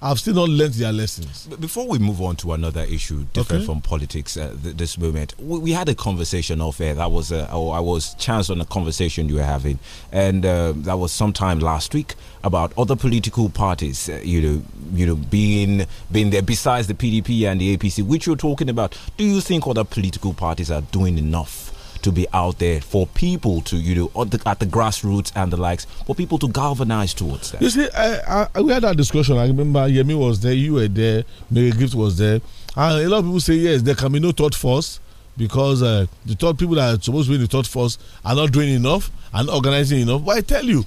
have still not learned their lessons. Before we move on to another issue different okay. from politics uh, th this moment, we, we, had a conversation off air. That was uh, I was chanced on a conversation you were having, and uh, that was sometime last week about other political parties, uh, you know, you know, being being there besides the PDP and the APC, which you're talking about. Do you think other political parties are doing enough? to be out there for people to, you know, at the, at the grassroots and the likes, for people to galvanize towards that? You see, I, I, we had that discussion. I remember Yemi was there, you were there, Mary Gift was there. And a lot of people say, yes, there can be no thought force because uh, the thought people that are supposed to be the thought force are not doing enough and organizing enough. But I tell you,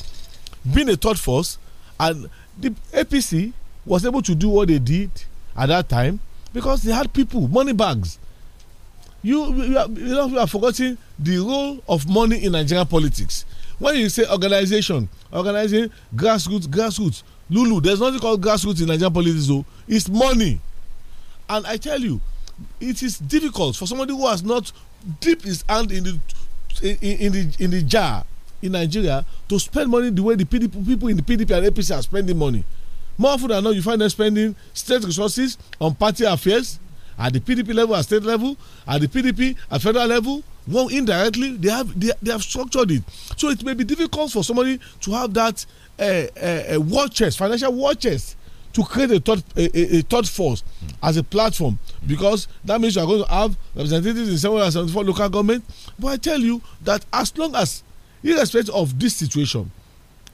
being a thought force, and the APC was able to do what they did at that time because they had people, money bags, you you are, you know, you are forgetting the role of money in Nigerian politics when you say organization organizing grassroots grassroots lulu there is nothing called grassroots in Nigerian politics o it's money and I tell you it is difficult for somebody who has not dipped his hand in the in, in the in the jar in Nigeria to spend money the way the PDP, people in the PDP and APC are spending money more often than not you find them spending state resources on party affairs. at the PDP level, at state level, at the PDP, at federal level, well, indirectly, they have they, they have structured it. So it may be difficult for somebody to have that uh, uh, war chest, financial war chest, to create a thought a, a thought force mm. as a platform because that means you are going to have representatives in 774 local government. But I tell you that as long as, irrespective of this situation,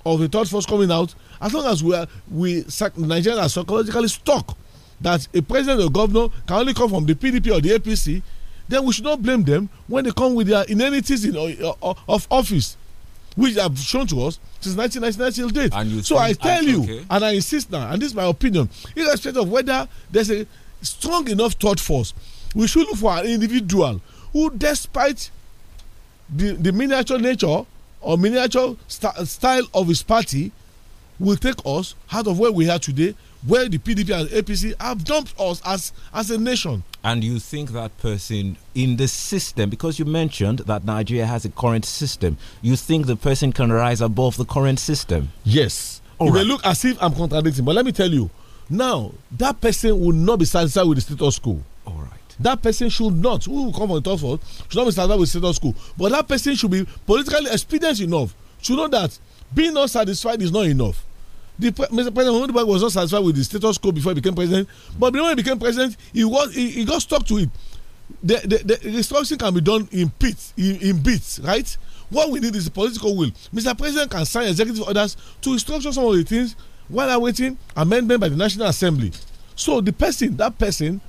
of the thought force coming out, as long as we are we Nigeria are psychologically stuck that a president or governor can only come from the PDP or the APC, then we should not blame them when they come with their inanities in, uh, uh, of office, which have shown to us since 1999 till date. So I tell you, okay. and I insist now, and this is my opinion, irrespective of whether there's a strong enough thought force, we should look for an individual who, despite the, the miniature nature or miniature st style of his party, will take us out of where we are today where the PDP and APC have dumped us as as a nation. And you think that person in the system, because you mentioned that Nigeria has a current system, you think the person can rise above the current system? Yes. All it right. may look as if I'm contradicting, but let me tell you, now that person will not be satisfied with the status quo. All right. That person should not, who will come on top of should not be satisfied with status quo. But that person should be politically experienced enough to know that being not satisfied is not enough the Mr. President Muhammadu was not satisfied with the status quo before he became president. But when he became president, he was he, he got stuck to it. The, the, the restructuring can be done in bits, in, in bits, right? What we need is political will. Mr. President can sign executive orders to restructure some of the things while awaiting amendment by the National Assembly. So the person, that person,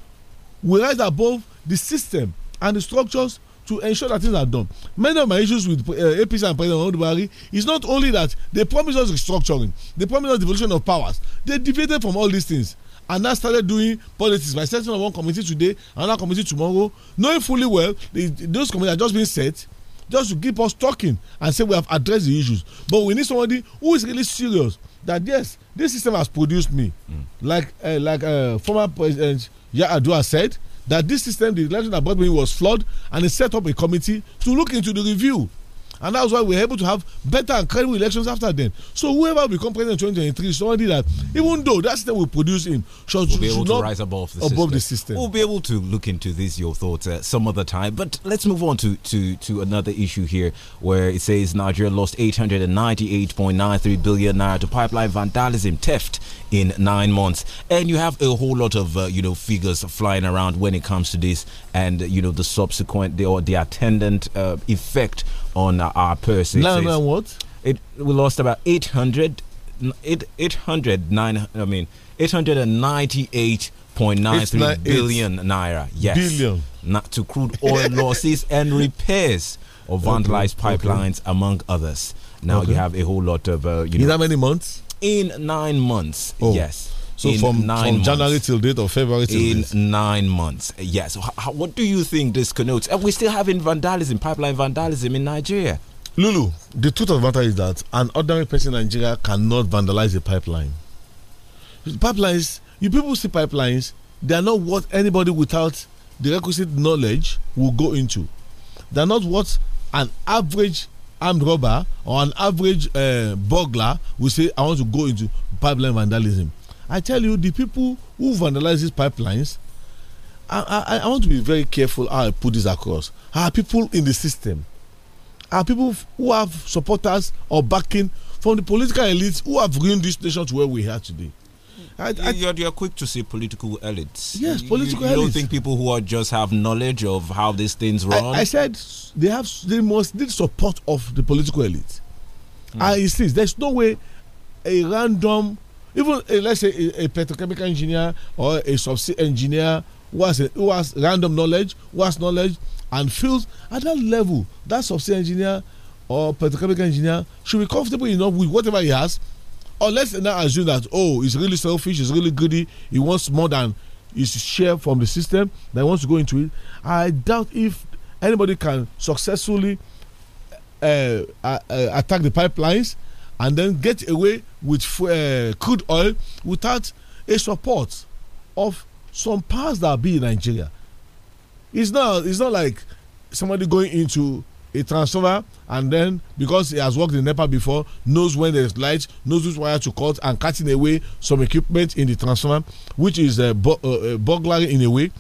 will rise above the system and the structures to ensure that things are done. Many of my issues with uh, APC and President Buhari is not only that they promised us restructuring, they promised us devolution of powers. They deviated from all these things and now started doing politics by setting up one committee today, another committee tomorrow, knowing fully well they, those committees are just being set just to keep us talking and say we have addressed the issues. But we need somebody who is really serious that yes, this system has produced me, mm. like uh, like uh, former president Yadua said that this system the election that brought me was flawed and he set up a committee to look into the review and that's why we're able to have better and credible elections after them. So whoever will become president in 2023 somebody that, even though that system will produce him, should, we'll be able to rise above, the, above system. the, system. We'll be able to look into these your thoughts uh, some other time. But let's move on to, to, to another issue here where it says Nigeria lost 898.93 billion naira to pipeline vandalism theft in nine months. And you have a whole lot of uh, you know figures flying around when it comes to this, and you know the subsequent or the attendant uh, effect on our person. no, no. what? It we lost about 800, 800 I mean eight hundred and ninety eight point nine three billion naira. Yes. Billion. Not to crude oil losses and repairs of vandalized okay, pipelines, okay. among others. Now okay. you have a whole lot of. Uh, you In know, many months? In nine months. Oh. Yes. So from, from January till date or February till in nine months. Yes. Yeah, so what do you think this connotes? And we're still having vandalism, pipeline vandalism in Nigeria. Lulu, the truth of the matter is that an ordinary person in Nigeria cannot vandalize a pipeline. Pipelines, you people see pipelines, they are not what anybody without the requisite knowledge will go into. They are not what an average armed robber or an average uh, burglar will say, I want to go into pipeline vandalism. I tell you, the people who vandalize these pipelines, I, I, I want to be very careful how I put this across. Are people in the system? Are people who have supporters or backing from the political elites who have ruined this nation to where we are today? I, I, you're, you're, quick to say political elites. Yes, political you, you elites. You don't think people who are just have knowledge of how these things run? I, I said they have they must need support of the political elites. Mm. I insist. There's no way a random even eh, let's say a, eh, a, petrochemical engineer or a subsea engineer who has, a, who has random knowledge, who has knowledge and feels at that level, that subsea engineer or petrochemical engineer should be comfortable enough with whatever he has. Or let's now assume that, oh, he's really selfish, he's really greedy, he wants more than his share from the system, that wants to go into it. I doubt if anybody can successfully uh, uh, attack the pipelines and then get away with uh, crude oil without a support of some powers that be in Nigeria. It's not, it's not like somebody going into a transformer and then because he has worked in Nepal before, knows when there's light, knows which wire to cut, and cutting away some equipment in the transformer, which is a, eh, bu uh, eh, a burglary in a way.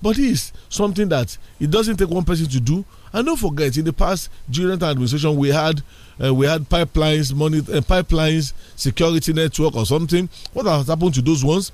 But it's something that it doesn't take one person to do. And don't forget, in the past, during the administration, we had uh, we had pipelines, money, uh, pipelines security network or something. What has happened to those ones?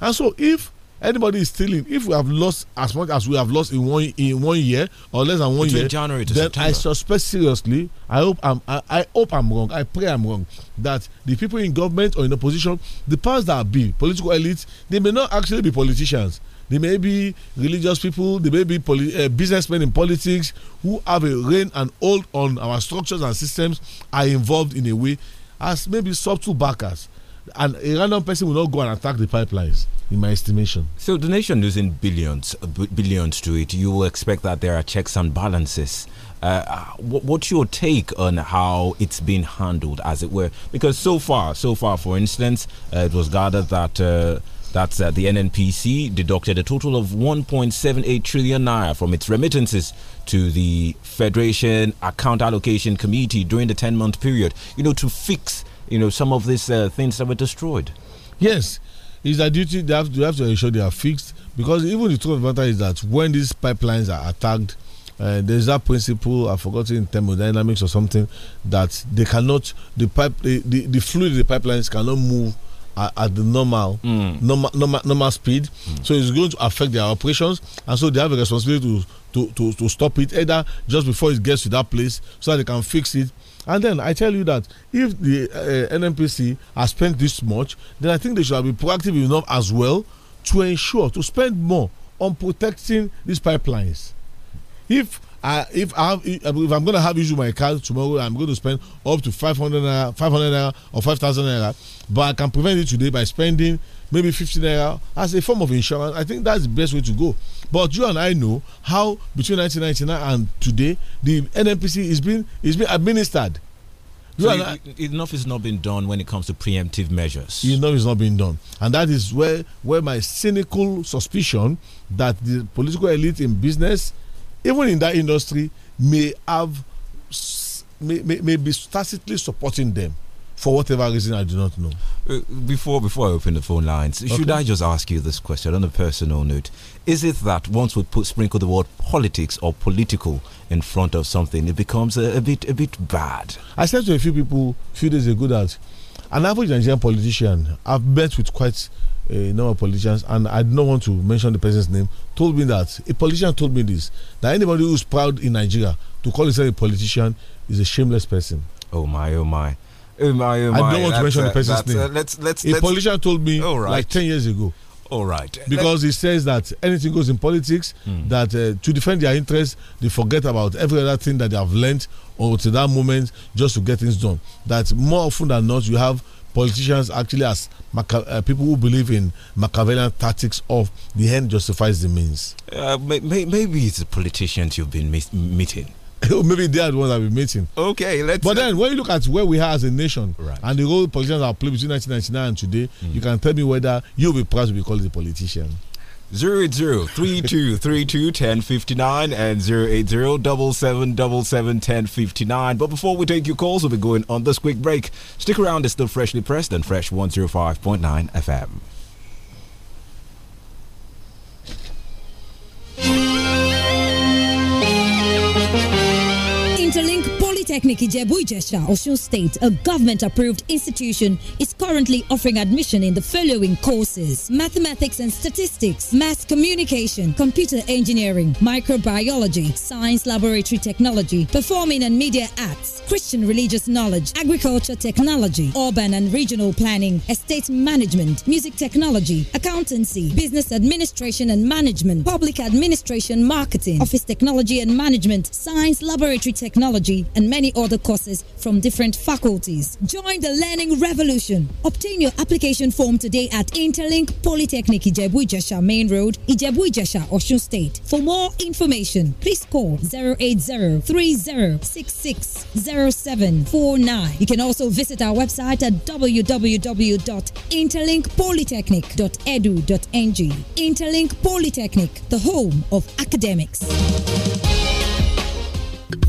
And so, if anybody is stealing, if we have lost as much as we have lost in one in one year or less than one Between year, January to then September. I suspect seriously. I hope I'm I, I, hope I'm wrong. I pray I'm wrong that the people in government or in opposition, the powers that be, political elites, they may not actually be politicians they may be religious people, they may be uh, businessmen in politics who have a reign and hold on our structures and systems are involved in a way as maybe subtle backers. And a random person will not go and attack the pipelines, in my estimation. So the nation losing billions, uh, billions to it. You will expect that there are checks and balances. Uh, uh what's your take on how it's been handled, as it were? Because so far, so far, for instance, uh, it was gathered that. Uh, that's uh, the NNPC deducted a total of 1.78 trillion naira from its remittances to the Federation Account Allocation Committee during the 10 month period, you know, to fix, you know, some of these uh, things that were destroyed. Yes, it's a duty they have, to, they have to ensure they are fixed because even the truth of the matter is that when these pipelines are attacked, uh, there's that principle i forgot forgotten in thermodynamics or something that they cannot the pipe the, the, the fluid the pipelines cannot move are at the normal, mm. normal, normal, normal speed. Mm. So it's going to affect their operations, and so they have a responsibility to, to, to, to stop it either just before it gets to that place so that they can fix it. And then I tell you that if the uh, NMPC has spent this much, then I think they should be proactive enough as well to ensure to spend more on protecting these pipelines. If I, if I if I'm going to have issue with my car tomorrow, I'm going to spend up to 500 500 or 5,000 naira, but I can prevent it today by spending maybe 50 naira as a form of insurance. I think that's the best way to go. But you and I know how between 1999 and today the NMPC is being is being administered. So I, enough is not being done when it comes to preemptive measures. Enough is not being done, and that is where where my cynical suspicion that the political elite in business even in that industry may have may, may, may be tacitly supporting them for whatever reason I do not know. Uh, before before I open the phone lines, okay. should I just ask you this question on a personal note? Is it that once we put sprinkle the word politics or political in front of something, it becomes a, a bit a bit bad? I said to a few people a few days ago that an average Nigerian politician I've met with quite a number of politicians, and I don't want to mention the person's name, told me that a politician told me this that anybody who's proud in Nigeria to call himself a politician is a shameless person. Oh my, oh my. Oh my, oh my. I don't want that's to mention a, the uh, person's uh, name. A, let's, let's, a let's, politician told me right. like 10 years ago. All right. Because he says that anything goes in politics, mm. that uh, to defend their interests, they forget about every other thing that they have learned or to that moment just to get things done. That more often than not, you have politicians actually as uh, people who believe in Machiavellian tactics of the end justifies the means. Uh, may, may, maybe it's the politicians you've been meeting. Oh, maybe they are the ones I've been meeting. Okay, let's. But then, when you look at where we are as a nation right. and the role politicians are played between 1999 and today, mm. you can tell me whether you'll be proud to be called a politician zero eight zero three two three two ten fifty nine and zero eight zero double seven double seven ten fifty nine. But before we take your calls, we'll be going on this quick break. Stick around, it's still freshly pressed and fresh 105.9 FM. Interlink Polytechnic Ijebu Ijesha, Osun State, a government-approved institution, is currently offering admission in the following courses. Mathematics and Statistics, Mass Communication, Computer Engineering, Microbiology, Science Laboratory Technology, Performing and Media Arts, Christian Religious Knowledge, Agriculture Technology, Urban and Regional Planning, Estate Management, Music Technology, Accountancy, Business Administration and Management, Public Administration Marketing, Office Technology and Management, Science Laboratory Technology, and many other courses from different faculties. Join the learning revolution. Obtain your application form today at Interlink Polytechnic Ijebu Ijesha Main Road, Ijebu Ijesha, Osun State. For more information, please call 80 You can also visit our website at www.interlinkpolytechnic.edu.ng. Interlink Polytechnic, the home of academics.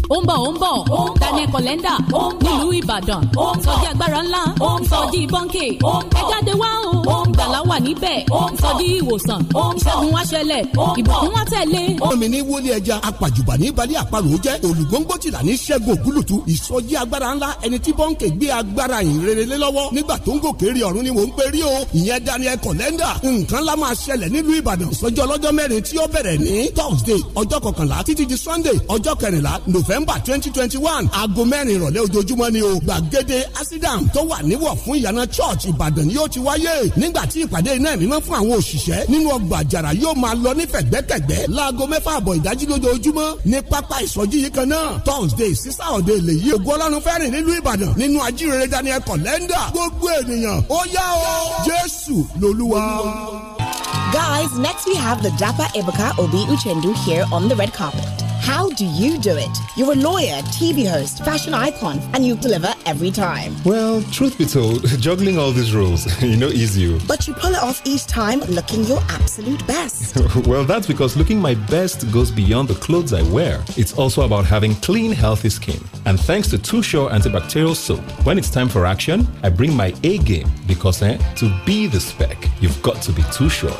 ó ń bọ̀ ó ń bọ̀ Daniel Kolenda nílùú Ìbàdàn sọjí agbára ńlá sọjí bọ́ńkì ẹ jáde wá o gbàlá wà níbẹ̀ sọjí ìwòsàn ṣẹ́gun wá ṣẹlẹ̀ ìbùkún wá tẹ̀lé. omi ní wọlé ẹja apàjùbà ní balẹ̀ àparò jẹ́ olùgbòǹgbò tìlà ní ṣẹ́gun ògúlùtù ìsọjí agbára ńlá ẹni tí bọ́ńkì gbé agbára ìrere lọ́wọ́ nígbà tó ń gòkè rí ọ̀run ni mò ń pè rí o ìyẹn Daniel Kolenda nǹkan lá máa ṣẹlẹ̀ nílùú Ìbàdàn sọjọ́ ọlọ́jọ́ mẹ́rin tí ó bẹ̀rẹ̀ ní Thursday ọjọ́ kọkànlá títí di Sunday ọjọ́ kẹrìnlá November november twenty twenty one aago mẹ́rin ìrọ̀lẹ́ ojoojúmọ́ ni o gbàgede asidam tó wà níwọ̀ fún ìyànà church ìbàdàn yóò ti wáyé nígbà ìpàdé iná ẹ̀mí fún àwọn òṣìṣẹ́ nínú ọgbà àjàrà yóò máa lọ ní fẹ̀gbẹ́kẹ̀gbẹ́ láago mẹ́fà àbọ̀ ìdájí lójoojúmọ́ ní pápá ìsọjí yìí kan náà thursday sísá òde lè yí ọlọ́run fẹ́rìn nílùú ìbàdàn nínú Guys, next we have the Dapa Ebuka Obi Uchendu here on the red carpet. How do you do it? You're a lawyer, TV host, fashion icon, and you deliver every time. Well, truth be told, juggling all these roles, you know, is you. Oh. But you pull it off each time looking your absolute best. well, that's because looking my best goes beyond the clothes I wear. It's also about having clean, healthy skin. And thanks to Too Sure antibacterial soap, when it's time for action, I bring my A game because eh, to be the spec, you've got to be Too Sure.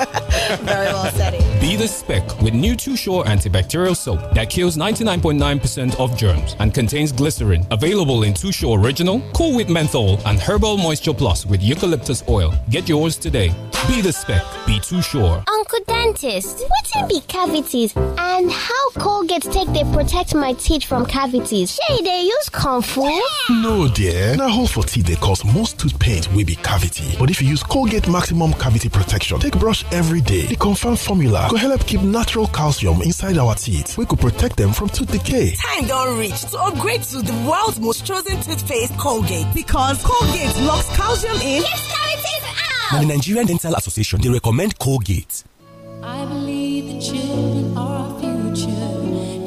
Very well said. Be the spec with new Too Short antibacterial soap that kills 99.9% of germs and contains glycerin. Available in Too Short Original, Cool with Menthol, and Herbal Moisture Plus with eucalyptus oil. Get yours today. Be the spec. Be Too Sure. Uncle Dentist, what be cavities and how Colgate take they protect my teeth from cavities? Say they use comfort? No, dear. Now, hold for teeth they cause most tooth pain will be cavity. But if you use Colgate Maximum Cavity Protection, take brush every day. The confirmed formula to help keep natural calcium inside our teeth, we could protect them from tooth decay. Time don't reach to upgrade to the world's most chosen toothpaste, Colgate. Because Colgate locks calcium in. Keeps out! the Nigerian Dental Association, they recommend Colgate. I believe the children are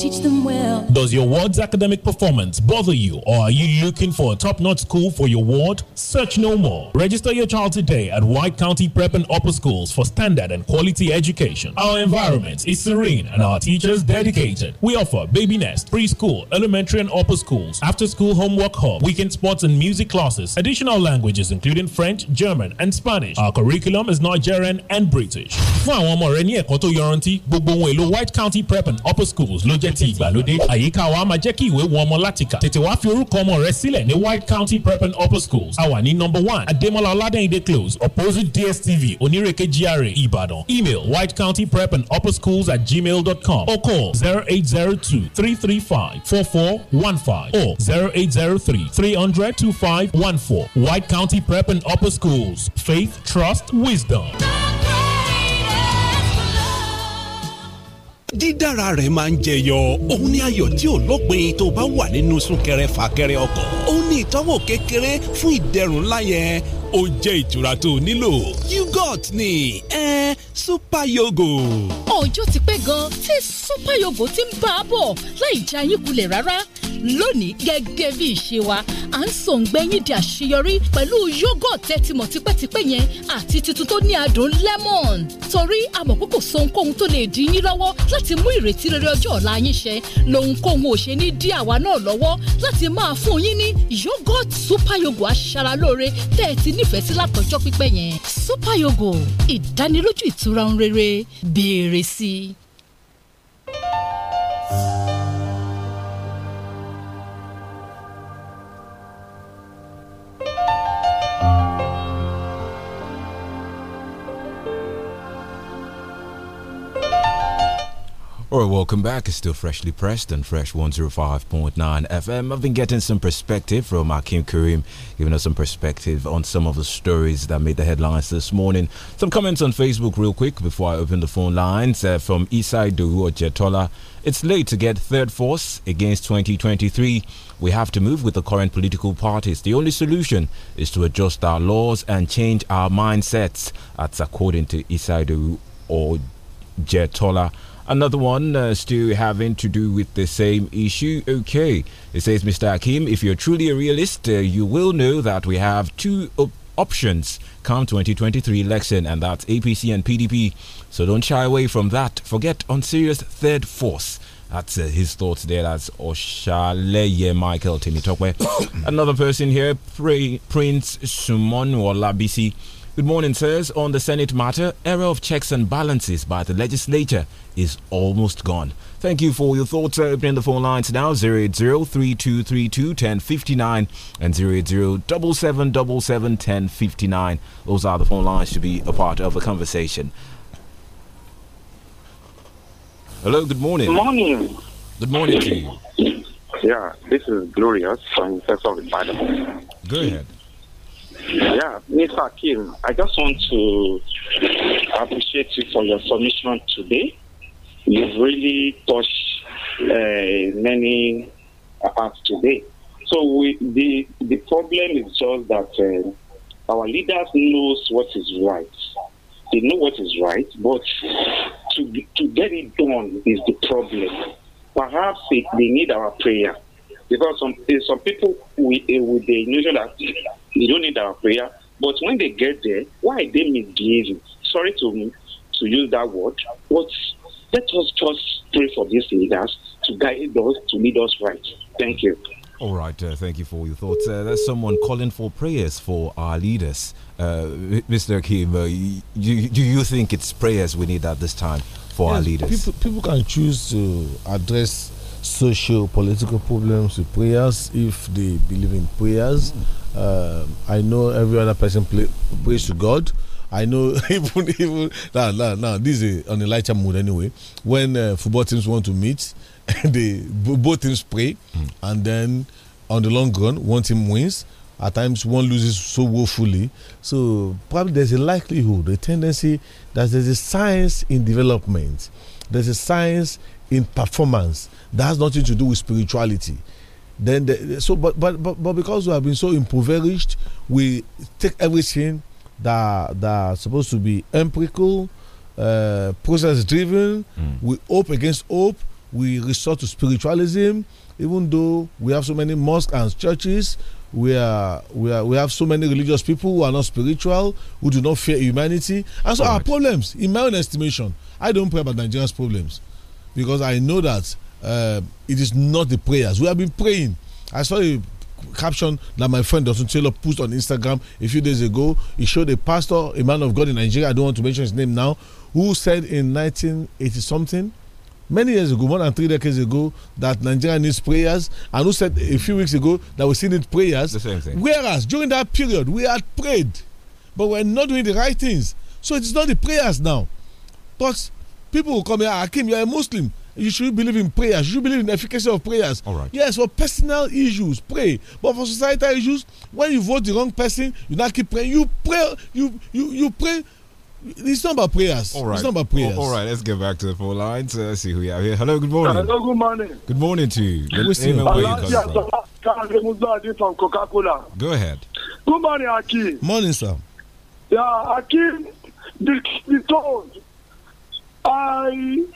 teach them well. Does your ward's academic performance bother you, or are you looking for a top notch school for your ward? Search no more. Register your child today at White County Prep and Upper Schools for standard and quality education. Our environment is serene and our teachers dedicated. We offer baby nest, preschool, elementary and upper schools, after school homework hub, weekend sports and music classes, additional languages including French, German, and Spanish. Our curriculum is Nigerian and British. Fún àwọn more. rẹ ní yọrantí, gbogbo White County Prep and Upper Schools ló ti ìgbàlódé àyíká wa máa jẹ́ kí ìwé wọn ọmọ láti kà tètè wá fi orúkọ ọmọ rẹ sílẹ̀ ní white county prep and upper schools a wà ní number one ademola ọládẹ́yìndé close opposite dstv onírèké gra ìbàdàn email whitecountyprepandupperschools at gmail dot com or call zero eight zero two three three five four four one five or zero eight zero three three hundred two five one four white county prep and upper schools faith trust wisdom. dídára rẹ̀ máa ń jẹyọ òun ní ayọ̀ tí ò lópin tó bá wà nínú súnkẹrẹ fàkẹrẹ ọkọ̀ òun ní ìtọ́wò kékeré fún ìdẹ̀rùn láyẹn ó jẹ́ ìtura tó o nílò yogurt ni ẹ eh, super yogo. ọjọ́ ti pẹ́ gan tí super yogo ti ń bá a bọ̀ láì já yín kulẹ̀ rárá lónìí gẹ́gẹ́ bí ìṣe wa à ń sọ ǹgbẹ́yìn di àṣeyọrí pẹ̀lú yogurt ẹ tipẹ́tipẹ́ yẹn àti tuntun tó ní adùn lemon torí amọ̀kókò so ohunkóhun tó lè dí yín lọ́wọ́ láti mú ìrètí rere ọjọ́ ọ̀la yín ṣẹ lohunkóhun ò ṣe ní dí àwa náà lọ́wọ́ láti máa fún yín ní yogurt super yogo aṣaralóore tẹ́ ẹ nífẹ̀ẹ́ sí látọjọ́ pípẹ́ yẹn super yogo ìdánilójú ìtura ohun rere béèrè sí i. All right, welcome back. It's still freshly pressed and fresh 105.9 FM. I've been getting some perspective from Akim Karim, giving us some perspective on some of the stories that made the headlines this morning. Some comments on Facebook, real quick, before I open the phone lines uh, from Isai Duhu It's late to get third force against 2023. We have to move with the current political parties. The only solution is to adjust our laws and change our mindsets. That's according to Isai Duhu Another one uh, still having to do with the same issue. Okay, it says, Mr. Akim, if you're truly a realist, uh, you will know that we have two op options come 2023 election, and that's APC and PDP. So don't shy away from that. Forget on serious third force. That's uh, his thoughts there. That's Oshaleye Michael Timitokwe. Another person here, Prince Sumon Olabisi. Good morning, sirs. On the Senate matter, era of checks and balances by the legislature is almost gone. Thank you for your thoughts. Uh, opening the phone lines now 80 3232 and 080-7777-1059. Those are the phone lines to be a part of a conversation. Hello, good morning. Good morning. Good morning to you. Yeah, this is Glorious from the of Ibadan. Go ahead. Yeah, Mr. Kim, I just want to appreciate you for your submission today. You've really touched uh, many parts today. So we, the the problem is just that uh, our leaders knows what is right. They know what is right, but to to get it done is the problem. Perhaps it, they need our prayer because some eh, some people we, we they know that they don't need our prayer. But when they get there, why are they misbehaving? Sorry to to use that word, but let us just pray for these leaders to guide us, to lead us right. Thank you. All right, uh, thank you for your thoughts. Uh, there's someone calling for prayers for our leaders. Uh, Mr. Kim, uh, do you think it's prayers we need at this time for yes, our leaders? People, people can choose to address social political problems with prayers if they believe in prayers. Mm -hmm uh, I know every other person play, prays to God. I know even even now now now this is on a lighter mood anyway. When uh, football teams want to meet, they both teams pray, mm. and then on the long run, one team wins. At times, one loses so woefully. So probably there's a likelihood, a tendency that there's a science in development. There's a science in performance that has nothing to do with spirituality. Then the, so, but but but but because we have been so impoverished, we take everything that that supposed to be empirical, uh, process driven. Mm. We hope against hope. We resort to spiritualism, even though we have so many mosques and churches. We are we are we have so many religious people who are not spiritual, who do not fear humanity, and so our problems. In my own estimation, I don't pray about Nigeria's problems because I know that uh, it is not the prayers. We have been praying. I saw a caption that my friend Dr. Taylor put on Instagram a few days ago. He showed a pastor, a man of God in Nigeria, I don't want to mention his name now, who said in 1980 something, many years ago, more than three decades ago, that Nigeria needs prayers, and who said a few weeks ago that we still need prayers. The same thing. Whereas during that period, we had prayed, but we're not doing the right things. So it's not the prayers now. But people will come here, ah, Akim, you're a Muslim. You should believe in prayers. You should believe in the efficacy of prayers. All right. Yes, for personal issues, pray. But for societal issues, when you vote the wrong person, you not keep praying. You pray. You you you pray. It's not about prayers. All right. It's not about prayers. all right. Let's get back to the four lines. Uh, let's see who we have here. Hello. Good morning. Hello. Good morning. Good morning to you. Good morning. and you Coca-Cola. Go ahead. Good morning, Aki. Morning, sir. Yeah, Aki, the, the tone. I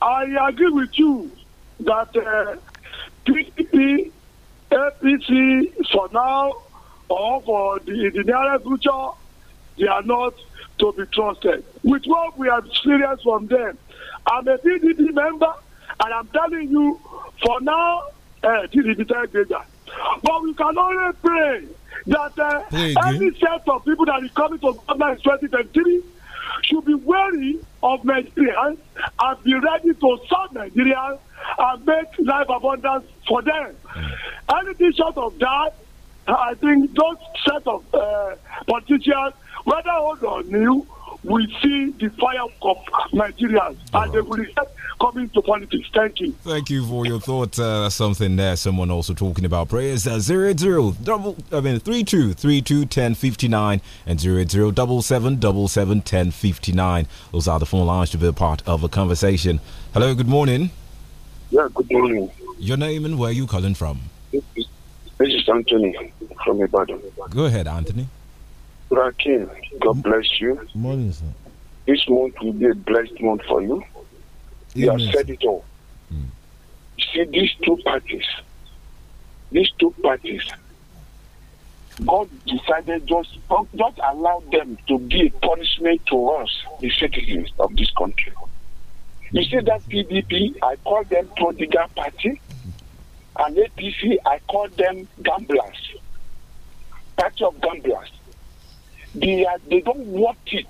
I agree with you that uh, PDP, APC, for now or for the, the near future, they are not to be trusted. With what we have experienced from them, I'm a PDP member, and I'm telling you, for now, uh, the But we can only pray that uh, every set of people that is coming to government in 2023 should be wary of Nigerians and be ready to serve Nigerians and make life abundance for them. Hmm. Anything short of that, I think those set of uh, politicians, whether old or new, will see the fire of Nigerians and they will start coming to politics. Thank you. Thank you for your thoughts. Uh, something there. Someone also talking about prayers. Uh, zero zero double. I mean three two three two ten fifty nine and zero zero double seven double seven ten fifty nine. Those are the phone lines to be a part of a conversation. Hello. Good morning. Yeah. Good morning. Your name and where you calling from? This is Anthony from Ibadan. Go ahead, Anthony. Rakim, God mm. bless you. Morning, sir. This month will be a blessed month for you. You have said it all. Mm. See, these two parties, these two parties, God decided just just allow them to be a punishment to us, the citizens of this country. You see that PDP, I call them prodigal party, and APC, I call them gamblers, party of gamblers. They, are, they don't want it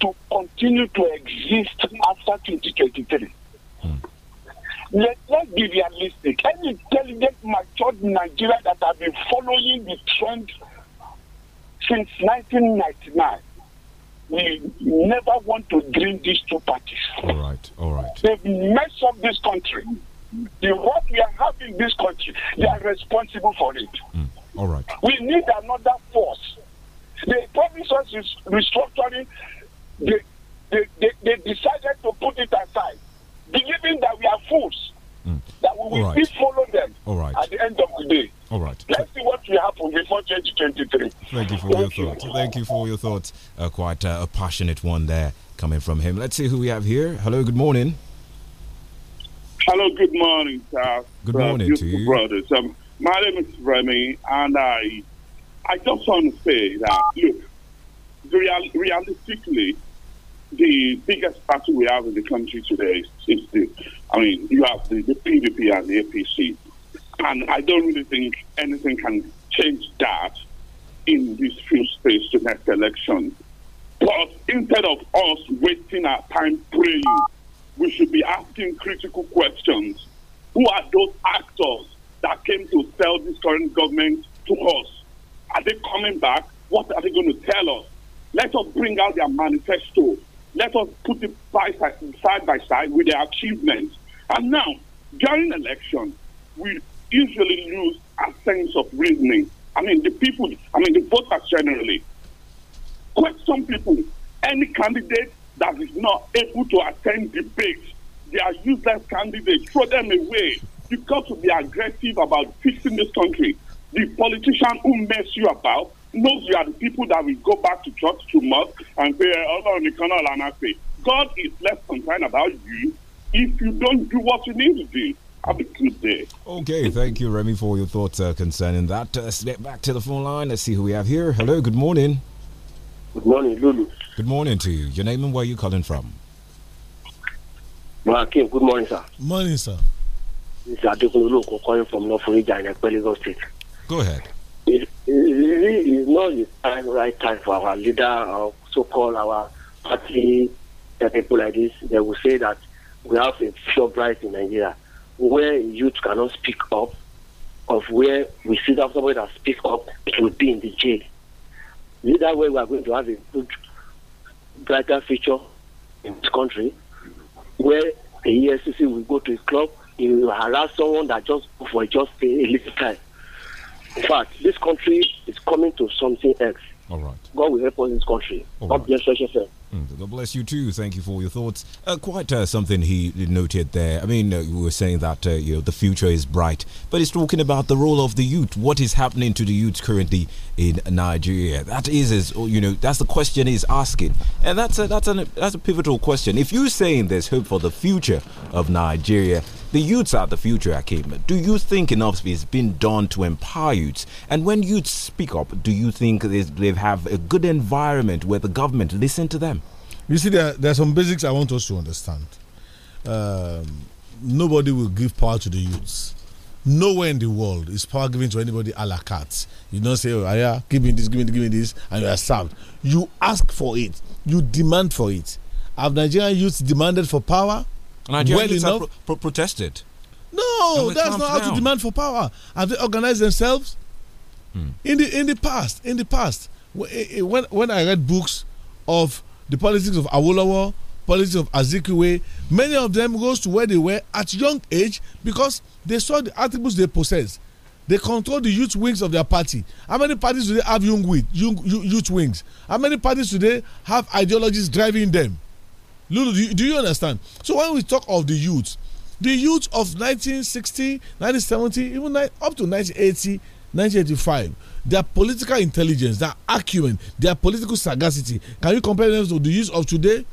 to continue to exist after 2023. Hmm. Let, let's be realistic. Any intelligent, matured Nigeria that have been following the trend since 1999 we never want to dream these two parties. All right, all right. They've messed up this country. The work we are having in this country, they are responsible for it. Mm, all right. We need another force the provisions is restructuring. They, they, they, they, decided to put it aside, believing that we are fools, mm. that we will right. follow them All right. at the end of the day. All right. Let's see what will happen before 2023. Thank you for Thank your thoughts. Thank you for your thoughts. Uh, quite uh, a passionate one there coming from him. Let's see who we have here. Hello, good morning. Hello, good morning, sir. Good morning uh, to you. Brothers. Um, my name is Remy, and I I just want to say that, look, real, realistically, the biggest party we have in the country today is, is the, I mean, you have the, the PDP and the APC. And I don't really think anything can change that in this few space to next election. But instead of us wasting our time praying, we should be asking critical questions. Who are those actors that came to sell this current government to us? Are they coming back? What are they going to tell us? Let us bring out their manifesto. Let us put it by, side by side with their achievements. And now, during election, we usually lose our sense of reasoning. I mean, the people, I mean, the voters generally question people. Any candidate that is not able to attend debates, they are useless candidates. Throw them away. You've got to be aggressive about fixing this country the politician who mess you about knows you are the people that will go back to church to mosque and say, on eh, the náà and I say, God is less concerned about you if you don't do what you need to do. Have a good day. Okay, thank you, Remy, for your thoughts uh, concerning that. Uh, let's get back to the phone line. Let's see who we have here. Hello, good morning. Good morning, Lulu. Good morning to you. Your name and where you calling from? Markin, good morning, sir. Morning, sir. This is Adekunle calling from North Florida in Lagos State. Go ahead. It, it not the time, right time for our leader or so-called our party uh, people like this. They will say that we have a future bright in Nigeria where youth cannot speak up, of where we see that somebody that speak up, it will be in the jail. Neither way we are going to have a good, brighter future in this country, where the ESCC will go to a club, it will harass someone that just for just a little time. In fact, this country is coming to something else. All right. God will help us in this country. All God right. bless us. Mm, God bless you too. Thank you for your thoughts. Uh, quite uh, something he noted there. I mean, uh, we were saying that uh, you know the future is bright, but he's talking about the role of the youth. What is happening to the youth currently in Nigeria? That is, is oh, you know, that's the question he's asking, and that's a, that's a that's a pivotal question. If you're saying there's hope for the future of Nigeria, the youths are the future, Akim. Do you think enough is being done to empower youths? And when youths speak up, do you think they have a good environment where the government listen to them? You see, there, there are some basics I want us to understand. Um, nobody will give power to the youths. Nowhere in the world is power given to anybody a la carte. You don't say, oh, yeah, give me this, give me this, give me this, and you are served. You ask for it, you demand for it. Have Nigerian youths demanded for power? Nigerian well enough. Pro pro protested. No, that's not down. how to demand for power. Have they organized themselves? Hmm. In the in the past, in the past, when when I read books of the politics of Awolowo, politics of Azikiwe, many of them goes to where they were at young age because they saw the attributes they possess. They control the youth wings of their party. How many parties do they have young, youth wings? How many parties do they have ideologies driving them? Lulu, do you, do you understand? So when we talk of the youth, the youth of 1960, 1970, even up to 1980, 1985, their political intelligence, their acumen, their political sagacity, can you compare them to the youth of today?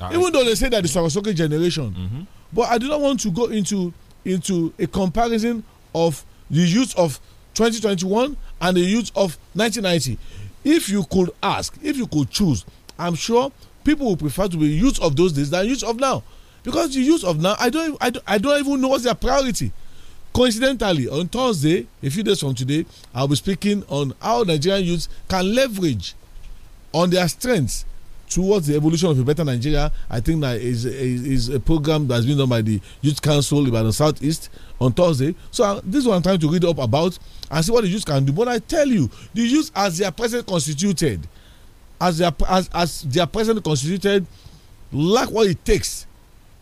Ah, even though they say that the mm-hmm. Sarasoke generation, mm -hmm. but I do not want to go into into a comparison of the youth of 2021 and the youth of 1990. If you could ask, if you could choose, I'm sure people will prefer to be youth of those days than youth of now because the youth of now i don't i don't, I don't even know what's their priority coincidentally on thursday a few days from today i'll be speaking on how nigerian youth can leverage on their strengths towards the evolution of a better nigeria i think that is is, is a program that's been done by the youth council by the southeast on thursday so uh, this is what i'm trying to read up about and see what the youth can do but i tell you the youth as they are present constituted as their as, as their president constituted lack what it takes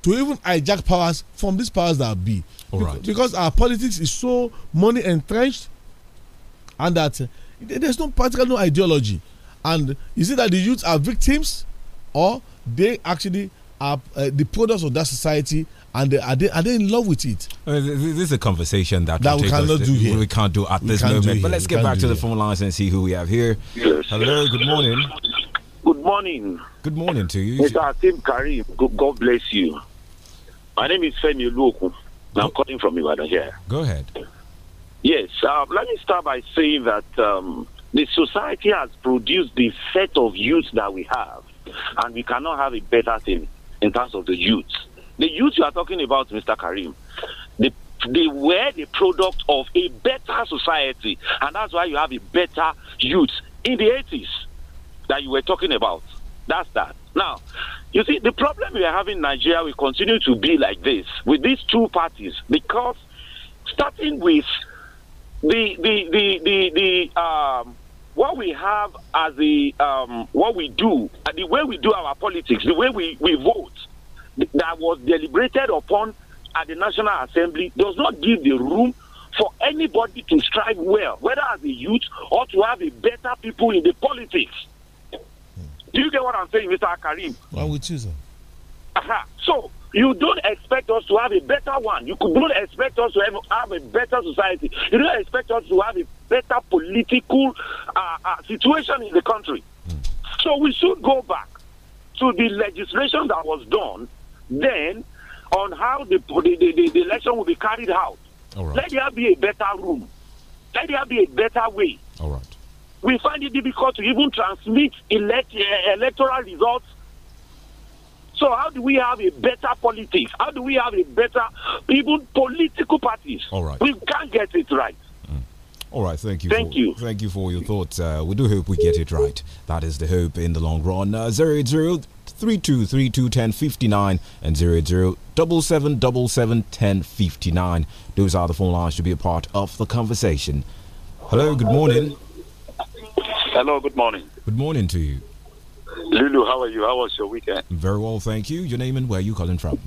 to even hijack powers from these powers that be. All right. Because our politics is so money entrenched, and that uh, there's no practical no ideology. And is it that the youth are victims, or they actually are uh, the products of that society and they, are they are they in love with it? Uh, this is a conversation that, that we cannot do here. We can't do at we this moment. But let's get back to here. the phone lines and see who we have here. Yes. Hello. Good morning. Good morning. Good morning to you. Mr. Akim Karim. God bless you. My name is Femi Luoku. I'm calling from Ibadan here. Go ahead. Yes. Uh, let me start by saying that um, the society has produced the set of youth that we have, and we cannot have a better thing in terms of the youth. The youth you are talking about, Mr. Karim, they they were the product of a better society and that's why you have a better youth in the 80s that you were talking about that's that now you see the problem we are having in nigeria will continue to be like this with these two parties because starting with the the the the, the um what we have as the um what we do and the way we do our politics the way we we vote that was deliberated upon at the National Assembly does not give the room for anybody to strive well, whether as a youth or to have a better people in the politics. Hmm. Do you get what I'm saying, Mr. Karim? Why would you, sir? Aha. So, you don't expect us to have a better one. You don't expect us to have, have a better society. You don't expect us to have a better political uh, uh, situation in the country. Hmm. So, we should go back to the legislation that was done then on how the, the, the, the election will be carried out. Let there be a better room. Let there be a better way. All right. We find it difficult to even transmit elect, uh, electoral results. So how do we have a better politics? How do we have a better even political parties? All right. We can't get it right. All right, thank you. Thank for, you. Thank you for your thoughts. Uh, we do hope we get it right. That is the hope in the long run. Uh, 080 and 08077771059. Those are the phone lines to be a part of the conversation. Hello, good morning. Hello, good morning. Good morning to you. Lulu, how are you? How was your weekend? Very well, thank you. Your name and where you calling from?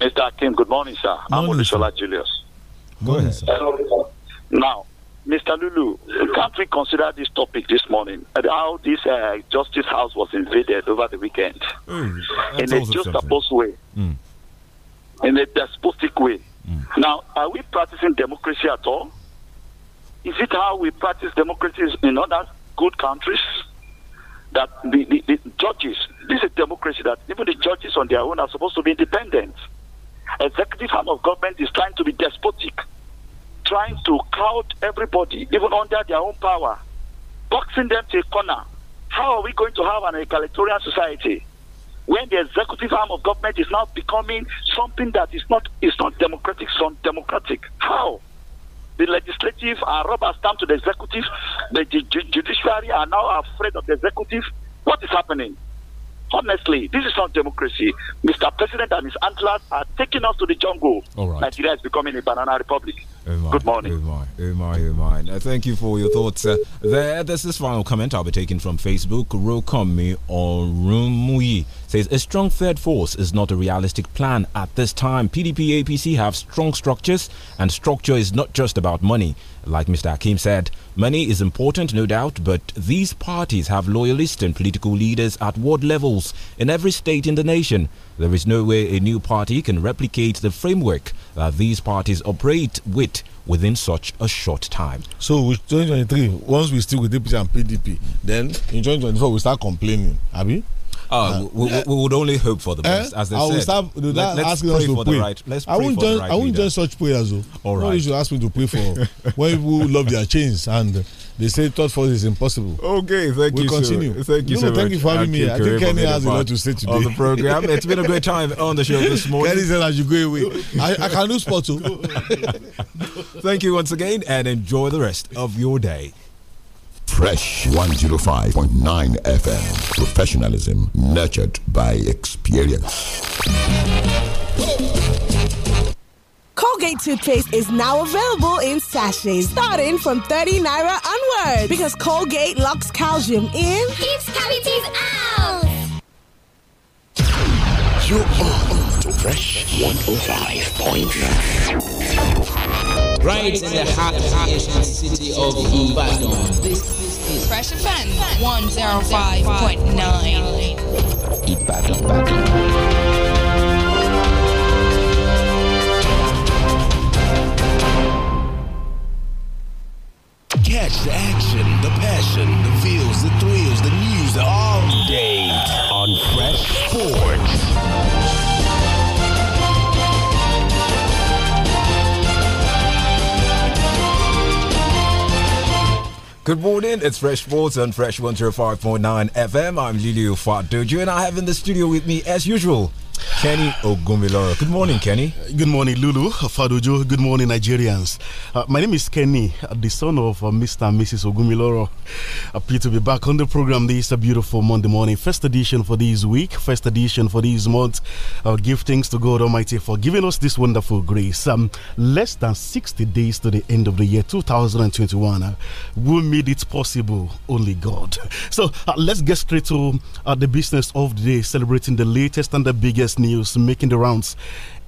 Mr. Akim, good morning, sir. Morning, I'm Olushola Julius. Go ahead. Sir. Now, Mr. Lulu, can't we consider this topic this morning? How this uh, justice house was invaded over the weekend mm, in a just supposed way, mm. in a despotic way. Mm. Now, are we practicing democracy at all? Is it how we practice democracy in other good countries? That the, the, the judges, this is democracy that even the judges on their own are supposed to be independent. Executive arm of government is trying to be despotic trying to cowed everybody, even under their own power, boxing them to a corner. How are we going to have an egalitarian society when the executive arm of government is now becoming something that is not is not democratic, it's democratic? How? The legislative are rubber stamped to the executive. The judiciary are now afraid of the executive. What is happening? Honestly, this is not democracy. Mr. President and his antlers are taking us to the jungle. All right. Nigeria is becoming a banana republic. Oh Good morning. Oh my, oh thank you for your thoughts uh, there. There's this final comment I'll be taking from Facebook. Rokomi Orumuyi says a strong third force is not a realistic plan at this time. PDP APC have strong structures, and structure is not just about money. Like Mr. Akim said, money is important, no doubt, but these parties have loyalists and political leaders at ward levels in every state in the nation. There is no way a new party can replicate the framework that these parties operate with within such a short time. So, 2023, once we stick with DPC and PDP, then in 2024 we start complaining, Abby? Uh, we, we, we, would only hope for the eh? best, eh? as they I said. Start, Let, us pray for pray. the right. Let's pray I won't for join, the right I won't join such prayers. Though. All right. you should ask me to pray for when people love their chains and they say thought for is impossible. Okay, thank we'll you. we continue. So, thank you no, so thank much. you for having me. I think Kenny has a lot to say today. On the program. It's been a great time on the show this morning. Kenny said I should go away. I, I can do sport too. Oh. thank you once again and enjoy the rest of your day. Fresh 105.9 FM. Professionalism nurtured by experience. Colgate toothpaste is now available in sachets, starting from 30 naira onward. Because Colgate locks calcium in, keeps cavities out. You are on Fresh 105.9 right in the heart of the city of Ibadan. Fresh Offense 105.9 Ibadan. Ibadan. Catch the action, the passion, the feels, the thrills, the news all day on Fresh Sports. Good morning, it's Fresh Sports on Fresh 105.9 FM. I'm Lulu Fadojo and I have in the studio with me, as usual, Kenny Ogumiloro. Good morning, Kenny. Good morning, Lulu Faduju. Good morning, Nigerians. Uh, my name is Kenny, uh, the son of uh, Mr. and Mrs. Ogumiloro. Happy to be back on the program this uh, beautiful Monday morning. First edition for this week, first edition for this month. Uh, give thanks to God Almighty for giving us this wonderful grace. Um, less than 60 days to the end of the year 2021. who made it possible? Only God. So let's get straight to the business of the day, celebrating the latest and the biggest news making the rounds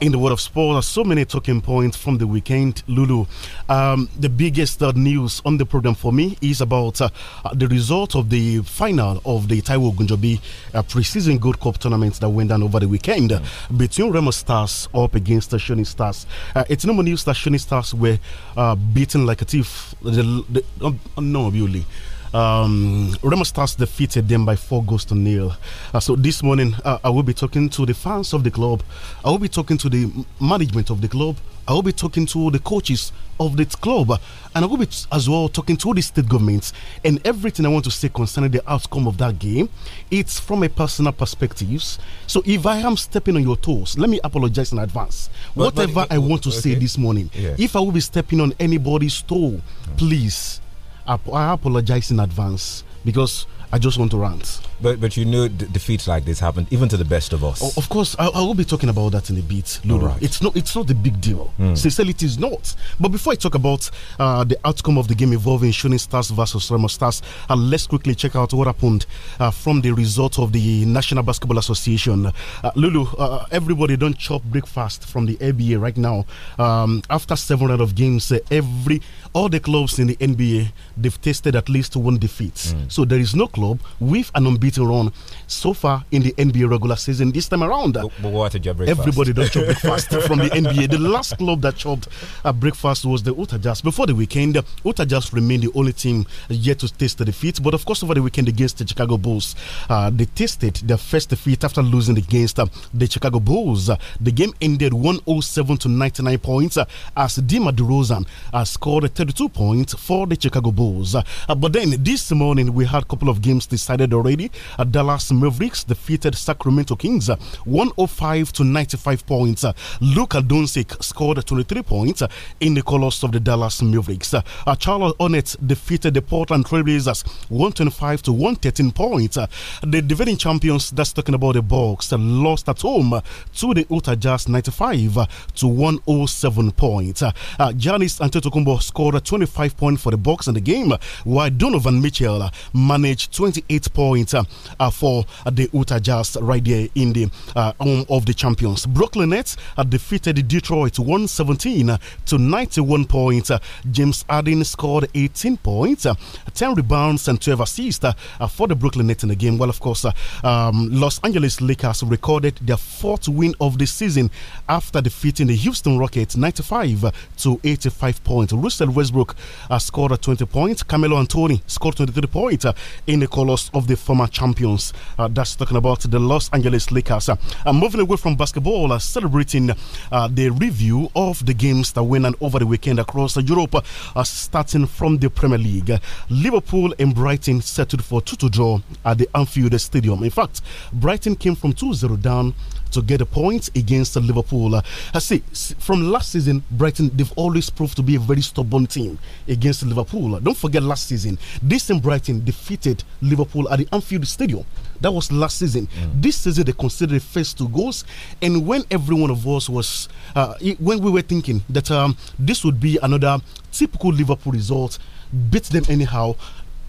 in the world of sport. So many talking points from the weekend, Lulu. Um, the biggest uh, news on the program for me is about uh, uh the result of the final of the Taiwo Gunjobi uh, preseason Gold Cup tournament that went down over the weekend mm -hmm. between Remo Stars up against the Shoni Stars. Uh, it's no more news that Shoni Stars were beaten like a thief. The, the, no, really. Um, Remo Stars defeated them by four goals to nil. Uh, so this morning, uh, I will be talking to the fans of the club. I will be talking to the management of the club. I will be talking to the coaches of the club, and I will be as well talking to the state governments. And everything I want to say concerning the outcome of that game, it's from a personal perspective. So if I am stepping on your toes, let me apologize in advance. But, Whatever but, but, I want to okay. say this morning, yeah. if I will be stepping on anybody's toe, please I apologize in advance because I just want to rant. But but you know defeats like this happen even to the best of us. Oh, of course, I, I, will be talking about that in a bit, Lulu. Right. It's not it's not the big deal. Mm. Sincerity is not. But before I talk about uh, the outcome of the game involving Shooting Stars versus Remo Stars, uh, let's quickly check out what happened uh, from the result of the National Basketball Association. Uh, Lulu, uh, everybody don't chop breakfast from the NBA right now. Um, after seven rounds of games, uh, every all the clubs in the NBA they've tasted at least one defeat. Mm. So there is no club with an unbeaten unbeaten run so far in the NBA regular season this time around. But, everybody does chop breakfast from the NBA. The last club that chopped a uh, breakfast was the Utah Jazz. Before the weekend, Utah Jazz remained the only team yet to taste the defeat. But of course, over the weekend against the Chicago Bulls, uh, they tasted their first defeat after losing against uh, the Chicago Bulls. Uh, the game ended 107 to 99 points uh, as Dima DeRozan uh, scored 32 points for the Chicago Bulls. but then this morning we had a couple of games decided already. Uh, Dallas Mavericks defeated Sacramento Kings uh, 105 to 95 points. Uh, Luka Doncic scored 23 points uh, in the colors of the Dallas Mavericks. Charles Hornets defeated the Portland Trailblazers 125 to 113 points. The defending champions, that's talking about the Bucks, lost at home to the Utah Jazz 95 to 107 points. Uh, Giannis Antetokounmpo scored 25 points for the Bucks in the game, while Donovan Mitchell managed 28 points. Uh, uh, for uh, the Utah Jazz right there in the uh, home of the champions. Brooklyn Nets defeated Detroit 117 to 91 points. James Harden scored 18 points, 10 rebounds, and 12 assists for the Brooklyn Nets in the game. Well, of course, um, Los Angeles Lakers recorded their fourth win of the season after defeating the Houston Rockets 95 to 85 points. Russell Westbrook uh, scored 20 points. Camelo Anthony scored 23 points uh, in the colors of the former champions. Uh, that's talking about the Los Angeles Lakers. Uh, moving away from basketball, uh, celebrating uh, the review of the games that went on over the weekend across uh, Europe, uh, starting from the Premier League. Liverpool and Brighton settled for 2 2 draw at the Anfield Stadium. In fact, Brighton came from 2 0 down to get a point against Liverpool. Uh, I see from last season, Brighton they've always proved to be a very stubborn team against Liverpool. Uh, don't forget last season, this team Brighton defeated Liverpool at the Anfield Stadium. That was last season. Mm. This season they conceded the first two goals, and when every one of us was, uh, when we were thinking that um, this would be another typical Liverpool result, beat them anyhow.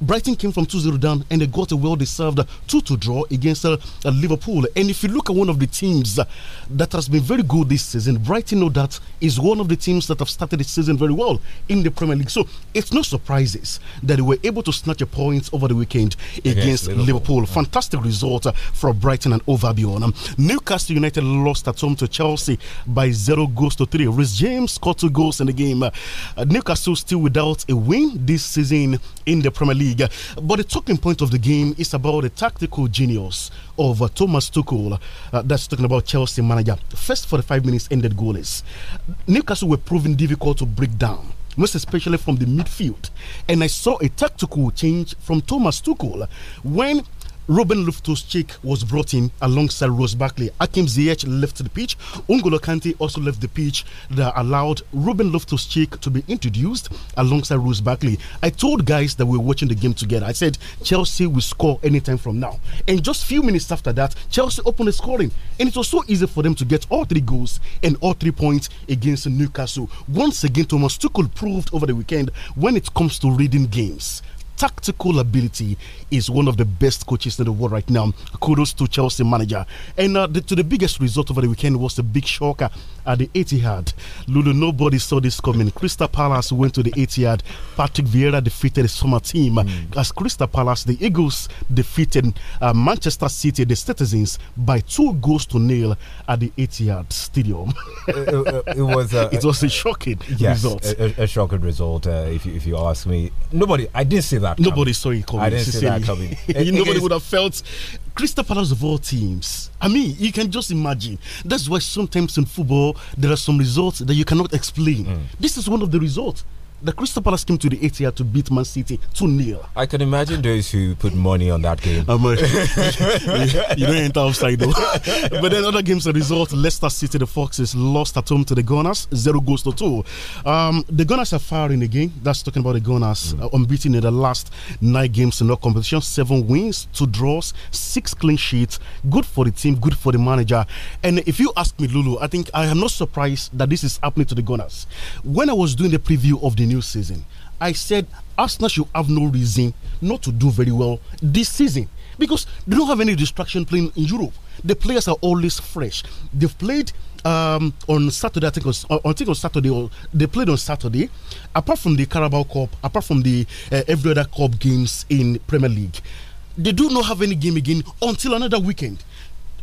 Brighton came from 2 0 down and they got a well deserved 2 2 draw against uh, Liverpool. And if you look at one of the teams uh, that has been very good this season, Brighton, no doubt, is one of the teams that have started the season very well in the Premier League. So it's no surprises that they were able to snatch a point over the weekend against, against Liverpool. Liverpool. Fantastic result uh, for Brighton and Overbeyond. Um, Newcastle United lost at home to Chelsea by 0 goals to 3. Rhys James scored two goals in the game. Uh, Newcastle still without a win this season in the Premier League. League. But the talking point of the game is about the tactical genius of uh, Thomas Tuchel. Uh, that's talking about Chelsea manager. First 45 minutes ended goalless. Newcastle were proving difficult to break down most especially from the midfield. And I saw a tactical change from Thomas Tuchel when Ruben Loftus-Cheek was brought in alongside Rose Barkley. Akim Ziyech left the pitch. Ungolo Kanti also left the pitch that allowed Ruben Loftus-Cheek to be introduced alongside Rose Barkley. I told guys that we were watching the game together. I said Chelsea will score anytime from now. And just few minutes after that, Chelsea opened the scoring, and it was so easy for them to get all three goals and all three points against Newcastle. Once again, Thomas Tuchel proved over the weekend when it comes to reading games tactical ability is one of the best coaches in the world right now. Kudos to Chelsea manager. And uh, the, to the biggest result over the weekend was the big shocker at the eight-yard, Lulu, nobody saw this coming. Crystal Palace went to the eight-yard. Patrick Vieira defeated his former team. Mm. As Crystal Palace, the Eagles defeated uh, Manchester City, the Citizens, by two goals to nil at the eight-yard Stadium. it, it, it, was. Uh, it was a shocking yes, result. A, a shocking result, uh, if you if you ask me. Nobody, I didn't see that. Nobody saw it coming. I didn't see that coming. Nobody would have felt Crystal Palace of all teams. I mean, you can just imagine. That's why sometimes in football there are some results that you cannot explain. Mm. This is one of the results the Crystal Palace came to the 8th to beat Man City 2 0. I can imagine those who put money on that game. you don't enter offside though. but then other games, the result Leicester City, the Foxes lost at home to the Gunners, 0 goals to 2. Um, the Gunners are firing again. That's talking about the Gunners. Mm. Uh, unbeaten in the last nine games in all competition, seven wins, two draws, six clean sheets. Good for the team, good for the manager. And if you ask me, Lulu, I think I am not surprised that this is happening to the Gunners. When I was doing the preview of the new season. I said Arsenal should have no reason not to do very well this season because they don't have any distraction playing in Europe. The players are always fresh. They've played um, on Saturday, I think, was, uh, I think on Saturday, or they played on Saturday. Apart from the Carabao Cup, apart from the uh, every other cup games in Premier League, they do not have any game again until another weekend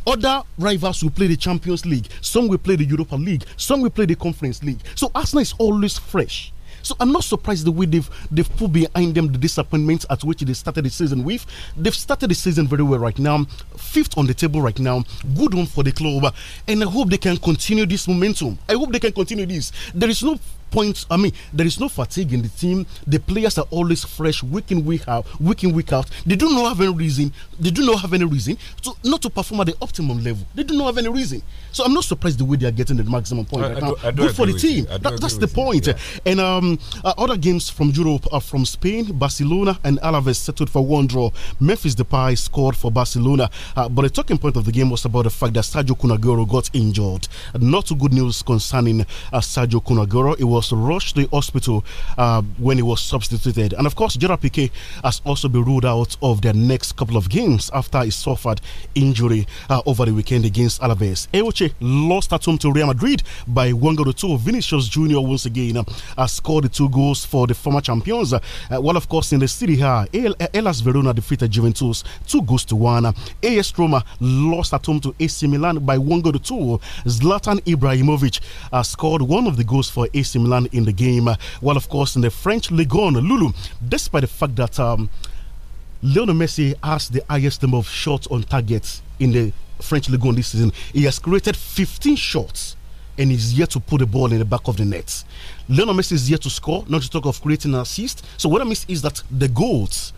other rivals will play the Champions League, some will play the Europa League, some will play the Conference League. So Arsenal is always fresh. So I'm not surprised the way they've they've put behind them the disappointments at which they started the season with. They've started the season very well right now, fifth on the table right now. Good one for the club, and I hope they can continue this momentum. I hope they can continue this. There is no points. I mean, there is no fatigue in the team. The players are always fresh, week in, week out, week in, week out. They do not have any reason. They do not have any reason to not to perform at the optimum level. They do not have any reason. So I'm not surprised the way they are getting the maximum point I, right I now. Do, Good for the team. That, that's the point. Yeah. And um, uh, other games from Europe are from Spain. Barcelona and Alaves settled for one draw. Memphis Depay scored for Barcelona. Uh, but the talking point of the game was about the fact that Sergio Kunagoro got injured. Not good news concerning uh, Sergio Kunagoro. It was was rushed to the hospital uh, when he was substituted. And of course, Gerard Piquet has also been ruled out of the next couple of games after he suffered injury uh, over the weekend against Alaves. Eoche lost at home to Real Madrid by one goal to two. Vinicius Junior once again uh, scored the two goals for the former champions. Uh, while of course in the Serie A, Elas Verona defeated Juventus two goals to one. Uh, AS Roma lost at home to AC Milan by one goal to two. Zlatan Ibrahimovic scored one of the goals for AC Milan. Milan in the game. while of course, in the French Ligue 1, Lulu, despite the fact that um, Lionel Messi has the highest number of shots on target in the French Ligue 1 this season, he has created 15 shots and is yet to put the ball in the back of the net. Lionel Messi is yet to score, not to talk of creating an assist. So what I mean is that the goals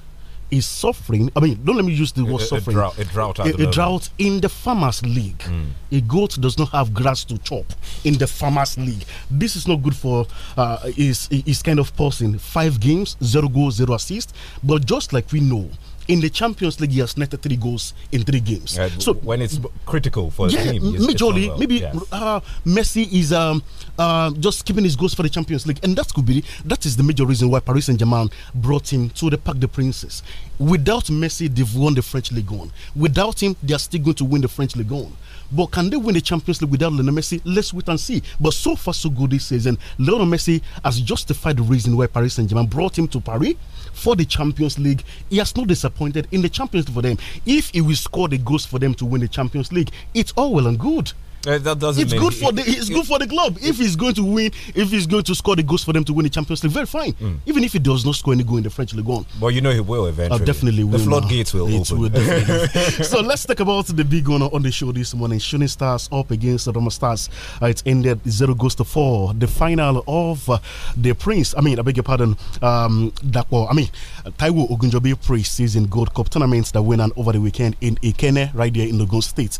is suffering. I mean, don't let me use the word a, suffering. A drought, a drought, a, a drought in the farmers' league. Mm. A goat does not have grass to chop in the farmers' league. This is not good for uh, is is kind of person. Five games, zero goals, zero assists. But just like we know, in the Champions League, he has netted three goals in three games. Yeah, so when it's critical for yeah, a team, majorly, well. maybe yes. uh, Messi is um, uh, just keeping his goals for the Champions League, and that could be that is the major reason why Paris Saint Germain brought him to the Parc des Princes. Without Messi, they've won the French League One. Without him, they are still going to win the French League One. But can they win the Champions League without Lionel Messi? Let's wait and see. But so far, so good this season. Lionel Messi has justified the reason why Paris Saint Germain brought him to Paris for the Champions League. He has not disappointed in the Champions League for them. If he will score the goals for them to win the Champions League, it's all well and good. Uh, that doesn't. It's good it, for the. It's it, good for the club. If he's going to win, if he's going to score the goals for them to win the Champions League, very fine. Mm. Even if he does not score any goal in the French League one. But you know he will eventually. Uh, definitely will. The floodgates will it open. Will so let's talk about the big one on the show this morning. Shooting Stars up against the Roma Stars. Uh, it ended zero goals to four. The final of uh, the Prince. I mean, I beg your pardon. Um, Dapo. I mean, Taiwo Ogunjobi pre-season Gold Cup tournament that went on over the weekend in Ikene, right there in Lagos State.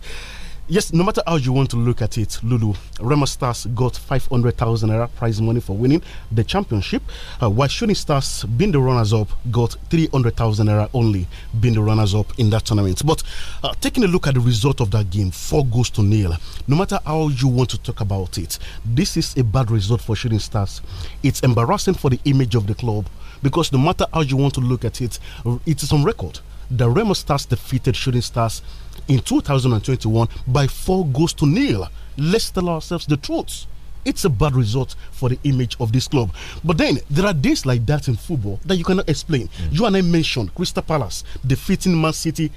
Yes, no matter how you want to look at it, Lulu, Rema Stars got 500,000 naira prize money for winning the championship, uh, while Shooting Stars, being the runners up, got 300,000 naira only, being the runners up in that tournament. But uh, taking a look at the result of that game, four goals to nil, no matter how you want to talk about it, this is a bad result for Shooting Stars. It's embarrassing for the image of the club because no matter how you want to look at it, it is on record the Remo Stars defeated Shooting Stars in 2021 by four goals to nil. Let's tell ourselves the truth. It's a bad result for the image of this club. But then there are days like that in football that you cannot explain. Mm. You and I mentioned Crystal Palace defeating Man City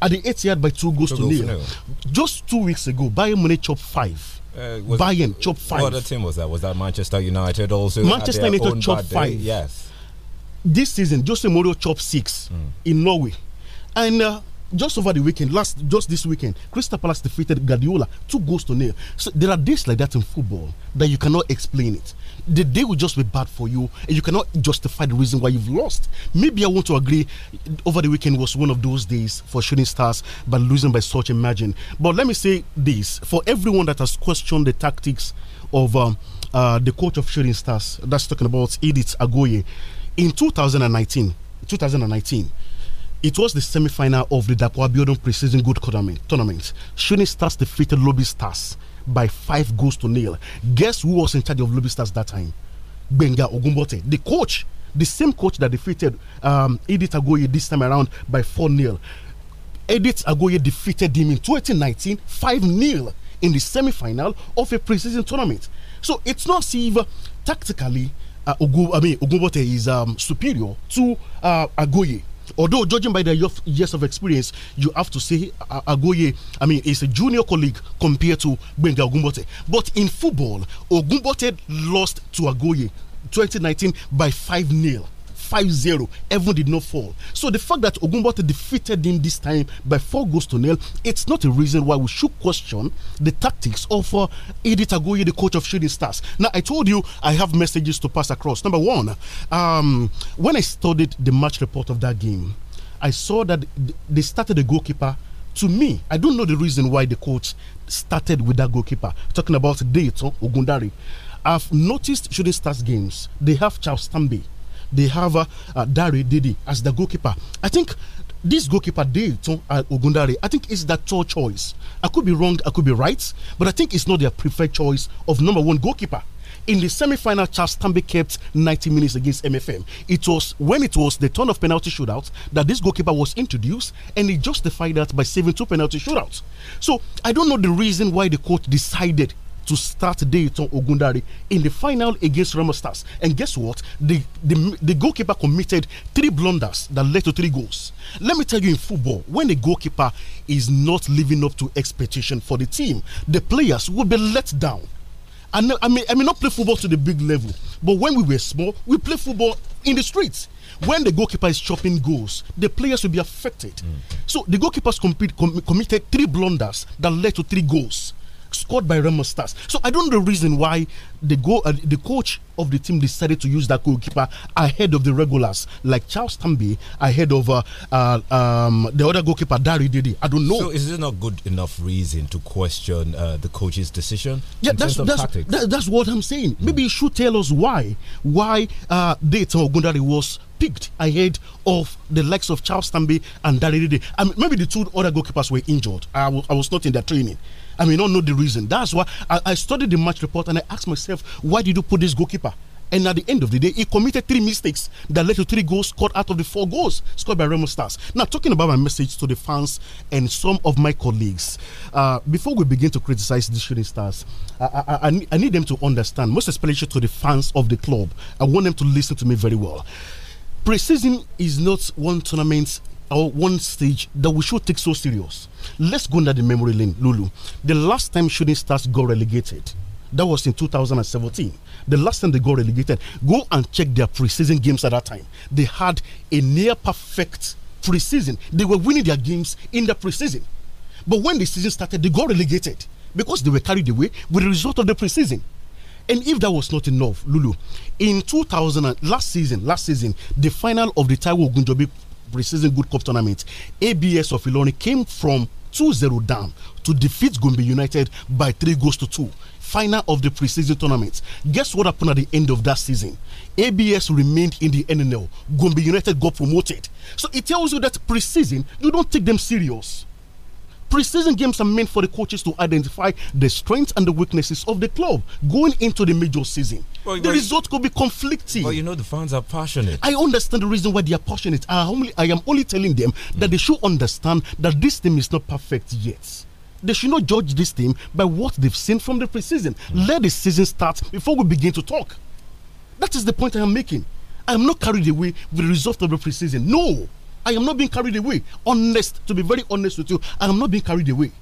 at the eighth yard by two goals two to goals nil. nil. Just two weeks ago, Bayern Munich chopped five. Uh, Bayern chopped five. What other team was that? Was that Manchester United also? Manchester United chopped five. Yes. This season, Jose Mourinho chopped six mm. in Norway. And uh, just over the weekend, last just this weekend, Crystal Palace defeated Guardiola two goals to nil. So there are days like that in football that you cannot explain it. The day will just be bad for you, and you cannot justify the reason why you've lost. Maybe I want to agree. Over the weekend was one of those days for shooting stars, but losing by such a margin. But let me say this: for everyone that has questioned the tactics of um, uh, the coach of shooting stars, that's talking about Edith Agoye, in 2019. 2019 it was the semi final of the Dapua Building Precision Good Tournament. tournament. Shooting Stars defeated Lobby Stars by five goals to nil. Guess who was in charge of Lobby Stars that time? Benga Ogumbote, the coach, the same coach that defeated um, Edith Agoye this time around by 4 0. Edith Agoye defeated him in 2019 5 0 in the semi final of a preseason tournament. So it's not if uh, tactically uh, Ogu, I mean, Ogumbote is um, superior to uh, Agoye Although judging by the years of experience, you have to say uh, uh, Agoye, I mean, is a junior colleague compared to Benga Ogumbote. But in football, Ogumbote lost to Agoye 2019 by 5 0. 5-0. did not fall. So the fact that Ogunbote defeated him this time by four goals to nil, it's not a reason why we should question the tactics of uh, Edith Agoye, the coach of Shooting Stars. Now, I told you I have messages to pass across. Number one, um, when I studied the match report of that game, I saw that they started the goalkeeper to me, I don't know the reason why the coach started with that goalkeeper. Talking about Dayton Ogundari. I've noticed shooting stars games, they have Charles Tambi they have uh, uh, Dari Didi as the goalkeeper. I think this goalkeeper Dayton uh, Ogundare, I think is that third choice. I could be wrong, I could be right, but I think it's not their preferred choice of number one goalkeeper. In the semi-final, Charles Tambe kept 90 minutes against MFM. It was when it was the turn of penalty shootout that this goalkeeper was introduced, and he justified that by saving two penalty shootouts. So I don't know the reason why the court decided to start Dayton Ogundari in the final against Remo Stars. And guess what? The, the, the goalkeeper committed three blunders that led to three goals. Let me tell you in football, when a goalkeeper is not living up to expectation for the team, the players will be let down. And I, I may, I may not play football to the big level, but when we were small, we play football in the streets when the goalkeeper is chopping goals, the players will be affected. Mm. So the goalkeepers com committed three blunders that led to three goals scored by Remo Stars. So I don't know the reason why the go uh, the coach of the team decided to use that goalkeeper ahead of the regulars like Charles Tambi ahead of uh, uh, um, the other goalkeeper Dari Didi. I don't know. So is this not good enough reason to question uh, the coach's decision? Yeah, that's that's, that, that's what I'm saying. Mm. Maybe you should tell us why why uh, Ogundari was picked ahead of the likes of Charles Tambi and Dari Didi. I mean, maybe the two other goalkeepers were injured. I, I was not in their training. I may not know the reason. That's why I, I studied the match report and I asked myself, why did you put this goalkeeper? And at the end of the day, he committed three mistakes that led to three goals scored out of the four goals scored by Remo Stars. Now, talking about my message to the fans and some of my colleagues, uh, before we begin to criticize the Shooting Stars, I, I, I, I, need them to understand, most especially to the fans of the club, I want them to listen to me very well. Preseason is not one tournament or uh, one stage that we should take so serious. Let's go under the memory lane, Lulu. The last time shooting stars got relegated, that was in 2017. The last time they got relegated, go and check their preseason games at that time. They had a near perfect preseason. They were winning their games in the preseason. But when the season started, they got relegated because they were carried away with the result of the preseason. And if that was not enough, Lulu, in 2000 last season, last season, the final of the Taiwo Gunjobi preseason Good Cup tournament, ABS of Ilori came from 2-0 down to defeat Gombe United by three goals to two. Final of the preseason tournament. Guess what happened at the end of that season? ABS remained in the NNL. Gombe United got promoted. So it tells you that preseason, you don't take them serious. Preseason games are meant for the coaches to identify the strengths and the weaknesses of the club going into the major season. Well, the well, result could be conflicting. Well, you know, the fans are passionate. I understand the reason why they are passionate. I, only, I am only telling them mm. that they should understand that this team is not perfect yet they should not judge this team by what they've seen from the preseason. Mm. Let the season start before we begin to talk. That is the point I am making. I am not carried away with the result of the preseason. No. I am not being carried away. Honest, to be very honest with you, I am not being carried away.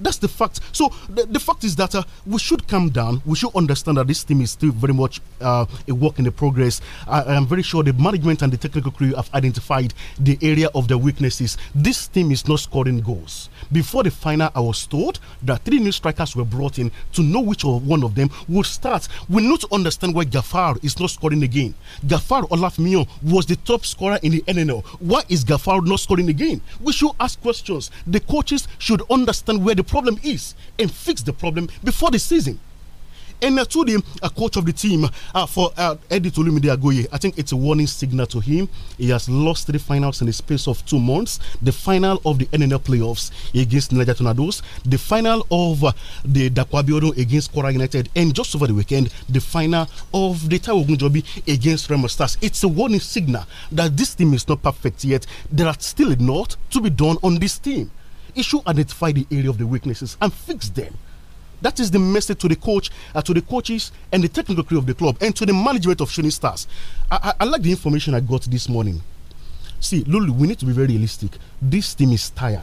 That's the fact. So the, the fact is that uh, we should calm down. We should understand that this team is still very much uh, a work in the progress. I, I, am very sure the management and the technical crew have identified the area of their weaknesses. This team is not scoring goals. Before the final, I was told that three new strikers were brought in to know which one of them would start. We need to understand why Gafar is not scoring again. Gafar Olafmion was the top scorer in the NNL. Why is Gafar not scoring again? We should ask questions. The coaches should understand where the problem is and fix the problem before the season. And uh, to the uh, coach of the team uh, for uh, Eddie Tolumide Agoye, I think it's a warning signal to him. He has lost three finals in the space of two months. The final of the NNL playoffs against Niger Tornadoes, the final of uh, the Dakwabioro against Kora United, and just over the weekend, the final of the Taiwo Gunjobi against Remo Stars. It's a warning signal that this team is not perfect yet. There are still a lot to be done on this team. Issue, identify the area of the weaknesses and fix them. That is the message to the coach, uh, to the coaches, and the technical crew of the club, and to the management of Shooting Stars. I, I, I like the information I got this morning. See, Lulu, we need to be very realistic. This team is tired.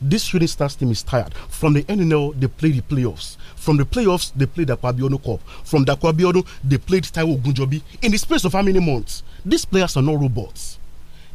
This Shooting Stars team is tired. From the NNL, they play the playoffs. From the playoffs, they played the Kwabiono Cup. From the Kwabiono, they played Taiwo Gunjobi. In the space of how many months? These players are not robots.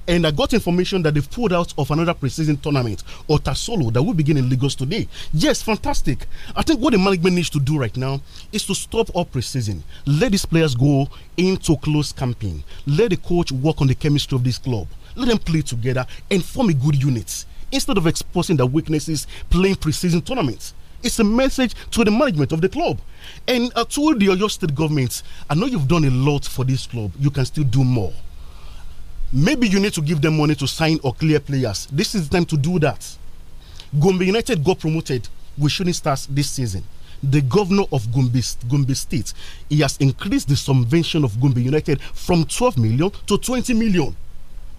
And I got information that they pulled out of another preseason tournament, Otasolo, that will begin in Lagos today. Yes, fantastic. I think what the management needs to do right now is to stop all preseason. Let these players go into close camping. Let the coach work on the chemistry of this club. Let them play together and form a good unit instead of exposing their weaknesses playing preseason tournaments. It's a message to the management of the club. And to told the Oyo State government, I know you've done a lot for this club. You can still do more. Maybe you need to give them money to sign or clear players. This is the time to do that. Gombe United got promoted with shooting stars this season. The governor of Gombe, Gombe State, he has increased the subvention of Gombe United from 12 million to 20 million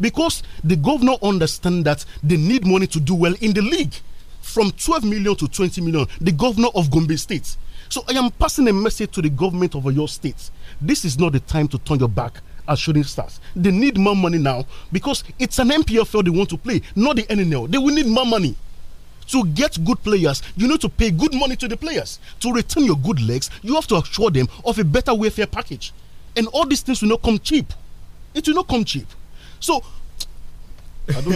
because the governor understands that they need money to do well in the league. From 12 million to 20 million, the governor of Gombe State. So I am passing a message to the government of your state. This is not the time to turn your back as shooting stars. They need more money now because it's an MPFL they want to play, not the NNL. They will need more money. To get good players, you need to pay good money to the players. To return your good legs, you have to assure them of a better welfare package. And all these things will not come cheap. It will not come cheap. So I don't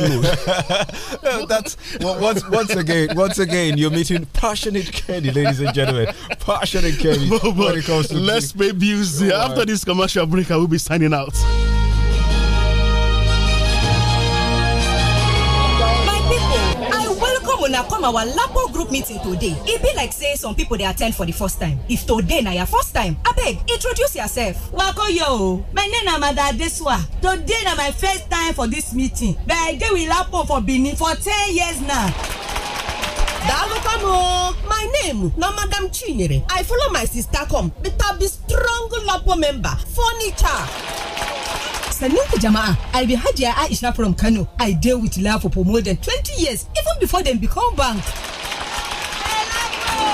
know. That's well, once once again, once again, you're meeting passionate Kenny, ladies and gentlemen. Passionate Kenny. But, but when it comes to let's pay bills. After this commercial break, I will be signing out. una come our lapo group meeting today It e be like say some people they attend for the first time if today na your first time I beg introduce yourself. Wako yo, my name is mada adesuwa today na my first time for this meeting but i dey with lapo for benin for ten years now. daalụkwanụ my name na madam chinyere i follow my sister come beta be strong lapo member furniture. sannin ku jama'a i be hajiya aisha from kano i deal with lapo for more than twenty years even before them become bank.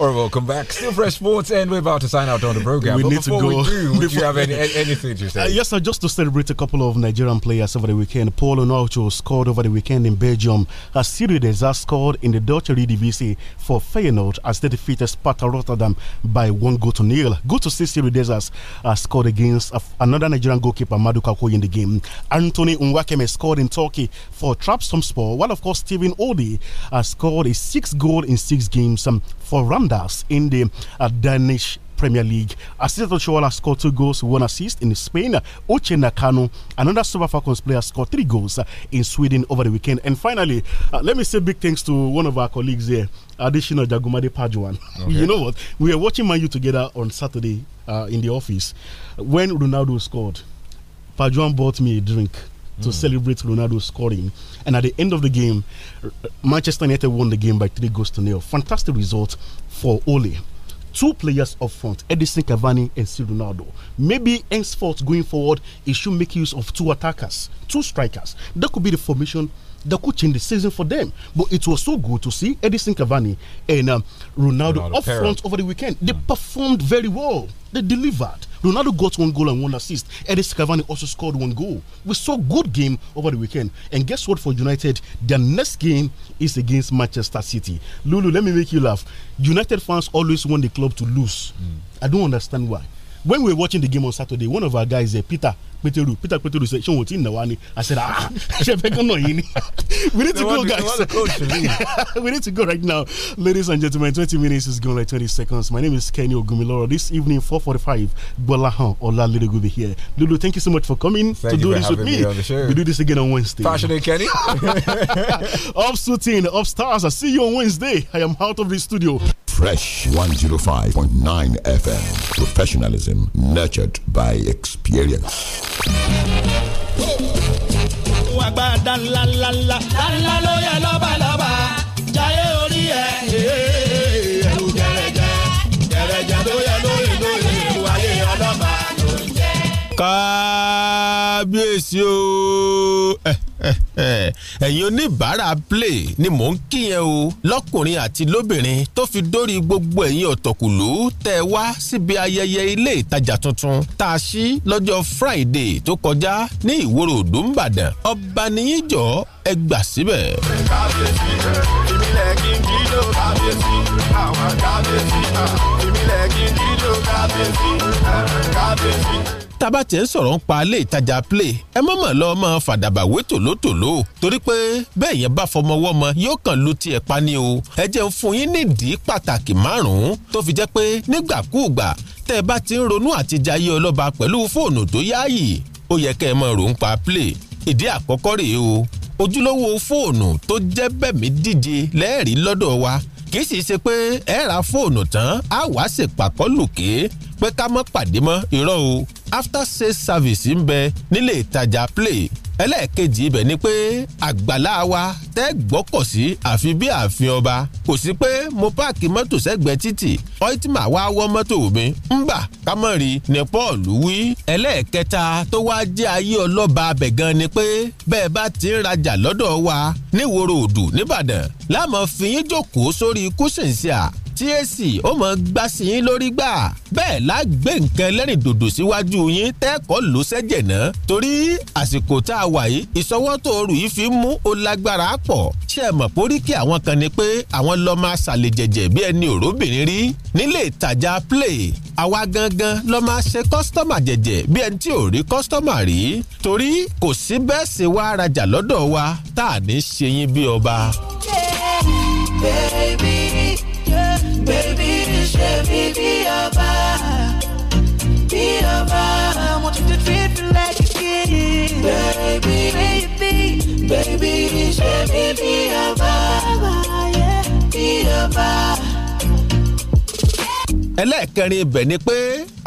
Or welcome back. Still Fresh Sports, and we're about to sign out on the program. We but need to go. Do, would you have any, anything to say? Uh, yes, sir. Just to celebrate a couple of Nigerian players over the weekend. Paul Onocho scored over the weekend in Belgium. A Siri scored in the Dutch Eredivisie for Feyenoord as they defeated Sparta Rotterdam by one goal to nil. Good to see Siri Deza uh, scored against uh, another Nigerian goalkeeper, Madu Kakoy, in the game. Anthony Unwakeme scored in Turkey for Trabzonspor, while of course Steven Odi uh, scored a six goal in six games um, for Ram in the uh, Danish Premier League. Assistant Ochoala scored two goals, one assist in Spain. Oche Nakano, another Super Falcons player, scored three goals uh, in Sweden over the weekend. And finally, uh, let me say big thanks to one of our colleagues here, Additional Jagumade Pajuan. Okay. you know what? We were watching U together on Saturday uh, in the office when Ronaldo scored. Pajuan bought me a drink to celebrate Ronaldo scoring. And at the end of the game, Manchester United won the game by three goals to nil. Fantastic result for Ole two players up front, Edison Cavani and C. Ronaldo. Maybe henceforth going forward, he should make use of two attackers, two strikers. That could be the formation that could change the season for them. But it was so good to see Edison Cavani and um, Ronaldo, Ronaldo, up front over the weekend. They mm. performed very well. They delivered. Ronaldo got one goal and one assist. Eddie Cavani also scored one goal. We saw good game over the weekend. And guess what for United? Their next game is against Manchester City. Lulu, let me make you laugh. United fans always want the club to lose. Mm. I don't understand why when we were watching the game on Saturday, one of our guys, uh, Peter Peteru, Peter Peteru said, "Sean, what's in I said, "Ah, we need to go, guys. we need to go right now, ladies and gentlemen. Twenty minutes is gone like twenty seconds. My name is Kenny Ogumiloro. This evening, four forty-five, Bolahan Ola Lidogubi here. Lulu, thank you so much for coming thank to do this with me. me we do this again on Wednesday. Passionate Kenny, off stars. I see you on Wednesday. I am out of the studio. Fresh 105.9 FM. Professionalism nurtured by experience. Agbada ńlá ńlá ẹ̀yin oníbàárà play ni mò ń kíyẹn o lọ́kùnrin àti lóbìnrin tó fi dórí gbogbo ẹ̀yin ọ̀tọ̀kùlú tẹ́ wá síbi ayẹyẹ ilé ìtajà tuntun tá a ṣí lọ́jọ́ friday tó kọjá ní ìwòrò òdùnbàdàn ọba níyìnjọ́ ẹ gbà síbẹ̀. kábíyèsí ìmílẹ̀ kí n jíjó kábíyèsí àwọn kábíyèsí ìmílẹ̀ kí tábà tiẹ̀ ń sọ̀rọ̀ ń pa ilé ìtajà play ẹ mọ̀mọ̀ lọ máa fàdàbà wé tòlótòló torí pé bẹ́ẹ̀ yẹn bá fọmọ wọ́mọ yóò kàn lu tiẹ̀ pa ni o ẹ jẹ́ ń fún yín nídìí pàtàkì márùn-ún tó fi jẹ́ pé nígbàkúùgbà tẹ́ ẹ bá ti ń ronú àti jayé ọlọ́ba pẹ̀lú fóònù tó yáàyè ó yẹ kẹ́ ẹ máa rò ń pa play ìdí àkọ́kọ́ rèé o ojúlówó fóònù tó jẹ́ bẹ̀mí díje lẹ́ẹ̀rí lọ́dọ̀ wa kì í sì ṣe pé ẹ ra fóònù tán á wá ṣèpàkọ́ lùkè pé ká mọ́ pàdé mọ́ irọ́ o after sales service ń bẹ nílé ìtajà play ẹlẹ́ẹ̀kejì ibẹ̀ ni pé àgbàlá wa tẹ́ gbọ́kọ̀ sí àfi bí ààfin ọba kò sí pé mo páàkì mọ́tò sẹ́gbẹ̀ẹ́ títì ọ́ìtìmà wá wọ́ mọ́tò mi ń bà kámọ́rì ni Paul wí. ẹlẹ́ẹ̀kẹta tó wá jẹ́ ayé ọlọ́ba abẹ̀ gan ni pé bẹ́ẹ̀ bá ti ń rajà lọ́dọ̀ wa níwòrò òdù nìbàdàn láàmú fi yín jókòó sórí kúṣìǹṣìà tí èsì ó mọ̀ gbá yín lórí gbà bẹ́ẹ̀ la gbé nǹkan ẹlẹ́rìn dòdò síwájú yín tẹ́ẹ̀kọ́ ló sẹ́jẹ̀ náà torí àsìkò tá a wà yìí ìsọwọ́ tó oru yìí fi mú ó lágbára pọ̀ ṣe mọ̀ póríkì àwọn kan ni pé àwọn lọ máa ṣàlè jẹ̀jẹ̀ bí ẹni òróbìnrin rí nílé ìtajà play àwa gangan lọ máa ṣe kọ́sítọ́mà jẹ̀jẹ̀ bí ẹni tí ò rí kọ́sítọ́mà rí torí kò sí bẹ́ẹ̀ sì wá rajà lọ́dọ̀ wa tá à ní ṣe yín bí ọba. baby bèbí ṣe mí bí ọba bí ọba mo ti ti treat you like a king. bèbí bèbí ṣe mí bí ọba bí ọba. ẹlẹ́ẹ̀kẹrin ibẹ̀ ni pé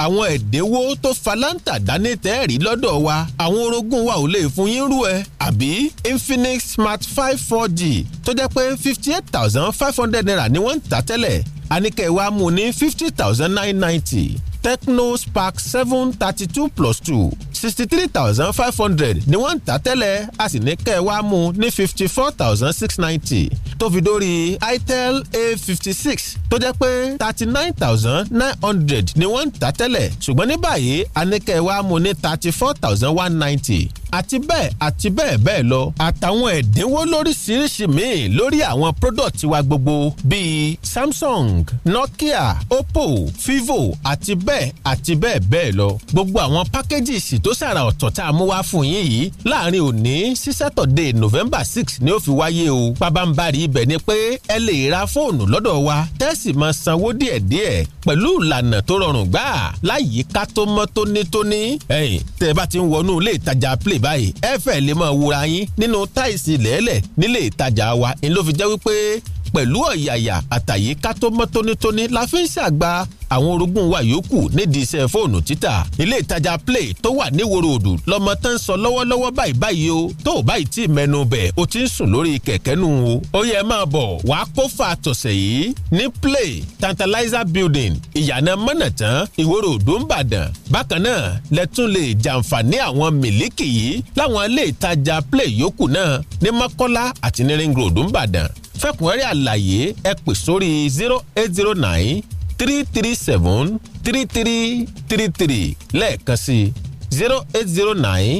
àwọn ẹ̀dínwó tó falanta dání tẹ́ẹ̀rí lọ́dọ̀ wa àwọn orogún wa ò lè fún yín rú ẹ àbí Infinix Smart five four g tó jẹ́ pé fifty eight thousand five hundred naira ni wọ́n ń ta tẹ́lẹ̀ àníkẹ́ wa mú ní fifty thousand nine ninety Tecno Spark seven thirty two plus two sixty three thousand five hundred ni wọ́n ń tà tẹ́lẹ̀ a sì ní kẹ́ wá mú ní fifty four thousand six ninety tó fi dórí Itel A fifty six tó jẹ́ pé thirty nine thousand nine hundred ni wọ́n ń tà tẹ́lẹ̀ ṣùgbọ́n ní báyìí a ní kẹ́ wá mú ní thirty four thousand one ninety àti bẹ́ẹ̀ àti bẹ́ẹ̀ bẹ́ẹ̀ lọ àtàwọn ẹ̀dínwó lóríṣiríṣi míì lórí àwọn product wa gbogbo bíi Samsung Nokia Oppo Vivo àti bẹ́ẹ̀ bẹ́ẹ̀ àti bẹ́ẹ̀ bẹ́ẹ̀ lọ gbogbo àwọn pákéjì sì tó sàrà ọ̀tọ̀ tá a mú wá fún yín yìí láàrin òní sí sátọ̀dé november six ni ó fi wáyé o pabambari ibẹ̀ ni pé ẹ lè ra fóònù lọ́dọ̀ wa tẹ́sì máa sanwó díẹ̀díẹ̀ pẹ̀lú ìlànà tó rọrùn gbà láyìíká tó mọ́ tónítóní ẹ̀yìn tẹ́ ẹ bá ti ń wọnú ilé ìtajà play báyìí ẹ fẹ́ lè máa wúra yín nínú táìsì lẹ́ẹ̀lẹ̀ nílé ìtajà wa ń ló fi jẹ́ wípé pẹ̀lú ọ̀yàyà àtàyíká tó mọ́ tónítóní la fi ń ṣàgbà àwọn orogún wa yòókù nídìí iṣẹ́ fóònù títà ilé ìtajà play tó wà níwòrò òdù lọ́mọ tó ń sọ lọ́wọ́lọ́wọ́ báyìí báyìí o tó o báyìí tí mẹ́nu bẹ̀ o ti ń sùn lórí kẹ̀kẹ́ nù o ó yẹ máa bọ̀ wá kó fa àtọ̀sẹ̀ yìí ní play tantalizer building ìyànà mọ́nàtán ìwòrò òdù ń bàdàn bákan náà lẹ́tún lè jàǹfààní àwọn mílíkì yìí láwọn ilé ìtajà play yòókù náà ní mọ́kọ́lá àti ní ring road ń bàdàn fẹ́kùnrẹ́rẹ́ àlàyé ẹ pè sórí zero eight zero nine three three seven three three three three lẹ́ẹ̀kan sí zero eight zero nine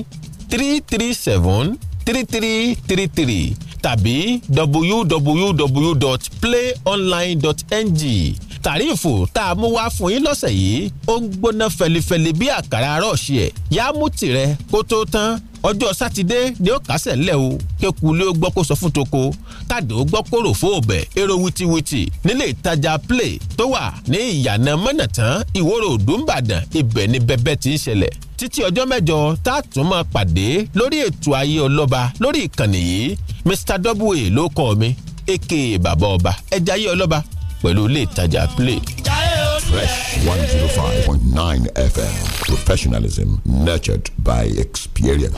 three three seven three three three three tàbí ng tàríìfù tá a mú wá fún yín lọ́sẹ̀ yìí ó ń gbóná fẹlifẹli bí àkàrà rọ́ọ̀ṣì ẹ̀ yá mú tirẹ̀ kó tó tán ọjọ́ sátidé ni ó kásẹ̀ ńlẹ̀ o kéku lé ó gbọ́ kó sọ fún toko tàdé ó gbọ́ kó rò fún ọbẹ̀ èrò wìtìwìtì nílé ìtajà play tó wà ní ìyànà mọ́nàtán ìwòrò òdùnbàdàn ibẹ̀ ni bẹ́bẹ́ ti ń ṣẹlẹ̀ títí ọjọ́ mẹ́jọ tá a tún máa pàdé lórí ètò ayé ọlọ́ba lórí ìkànnì yìí Mr. wa ló kọ́ mi èké bàbá ọba ẹja ayé ọlọ́ba pẹ̀lú ilé ìtajà play. Fresh 105.9 FM. Professionalism nurtured by experience.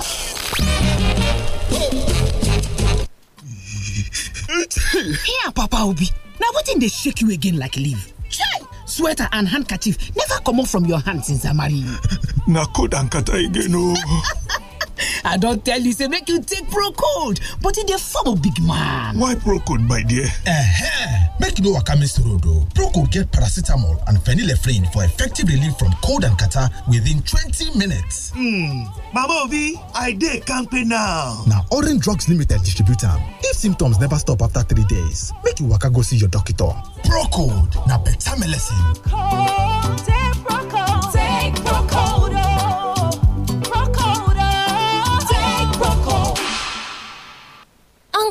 Here, Papa Obi. Now, what in they shake you again like leaf? Chai! Sweater and handkerchief never come off from your hand since I married you. Na cold and kata again, oh. I don't tell you say make you take pro but e a form of big man why pro my dear. Uh -huh make you no waka miss road o oh. proco get paracetamol and phenylephrine for effective relief from cold and catarrh within 20 minutes hmm mama obi i dey kampe now na orange drugs limited distribute am if symptoms never stop after three days make you waka go see your doctor procod na beta melecine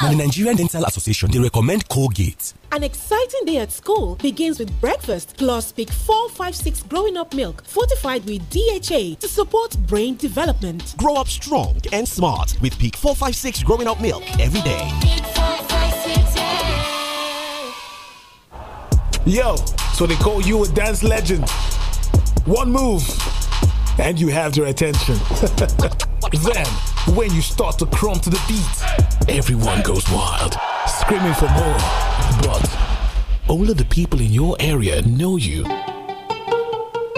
Now, the Nigerian Dental Association, they recommend Colgate. An exciting day at school begins with breakfast plus Peak 456 growing up milk fortified with DHA to support brain development. Grow up strong and smart with Peak 456 growing up milk every day. Yo, so they call you a dance legend. One move, and you have their attention. Then, when you start to crumb to the beat, everyone goes wild, screaming for more. But all of the people in your area know you.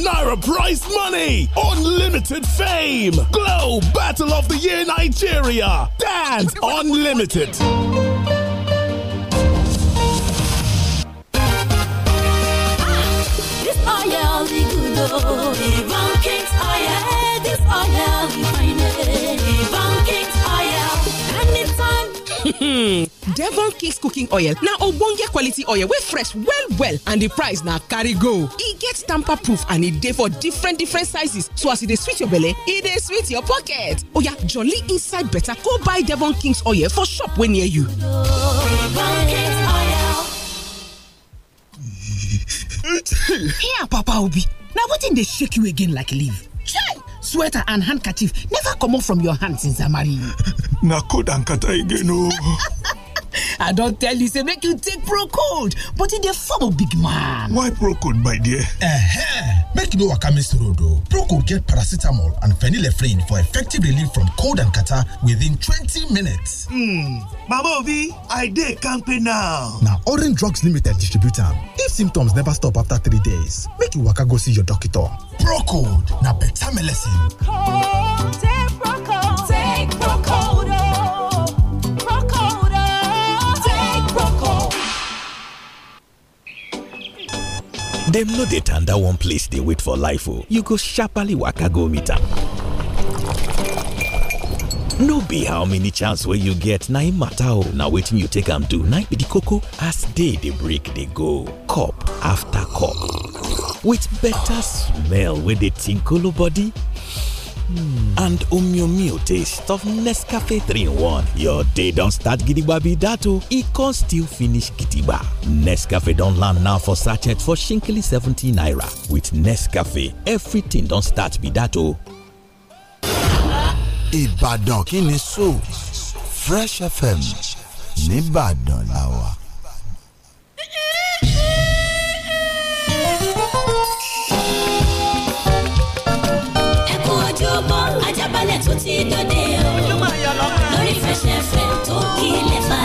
Naira prize money, unlimited fame, Glow Battle of the Year Nigeria, Dance Unlimited. Ah, this oil, good oh. King's oil, oh, this oil. Hmm. devon king's cooking oil na ogbonge quality oil wey fresh well well and di price na carry go e get tamper proof and e dey for different different sizes so as e dey sweet your belle e dey sweet your pocket oya jolly inside better go buy devon king's oil for shop wey near you here papa obi Now, what wetin dey shake you again like leave? sweater and handkerchief never comot from your hand since i marry you. na cold and kata again o i don't tell you say make you take procold but e dey form of big man why procold my dear? eh make you know what miss road o procold get paracetamol and phenylephrine for effective relief from cold and catar within 20 minutes hmm mama obi i dey now. Now orange drugs limited distributor. if symptoms never stop after three days make you waka go see your doctor procold na beta melecine dem no dey tanda one place dey wait for life o oh. you go sharparly waka go meet am no be how many chance wey you get na im matter o oh. na wetin you take am do na im be di koko as day dey break dey go cup after cup with better smell wey dey tinkolo body Mm. And Omyomyo taste of Nescafe 3 in 1. Your day don't start gidigba be that o. it con still finish gidigba. Nescafe don't land now for sachet for shinkily 70 naira. With Nescafe, everything don't start be that o. Ìbàdàn kí ni so Fresh FM nìbàdàn làwà. ti dòde o lórí fẹsẹ̀fẹ̀ tó kílẹ̀ fà.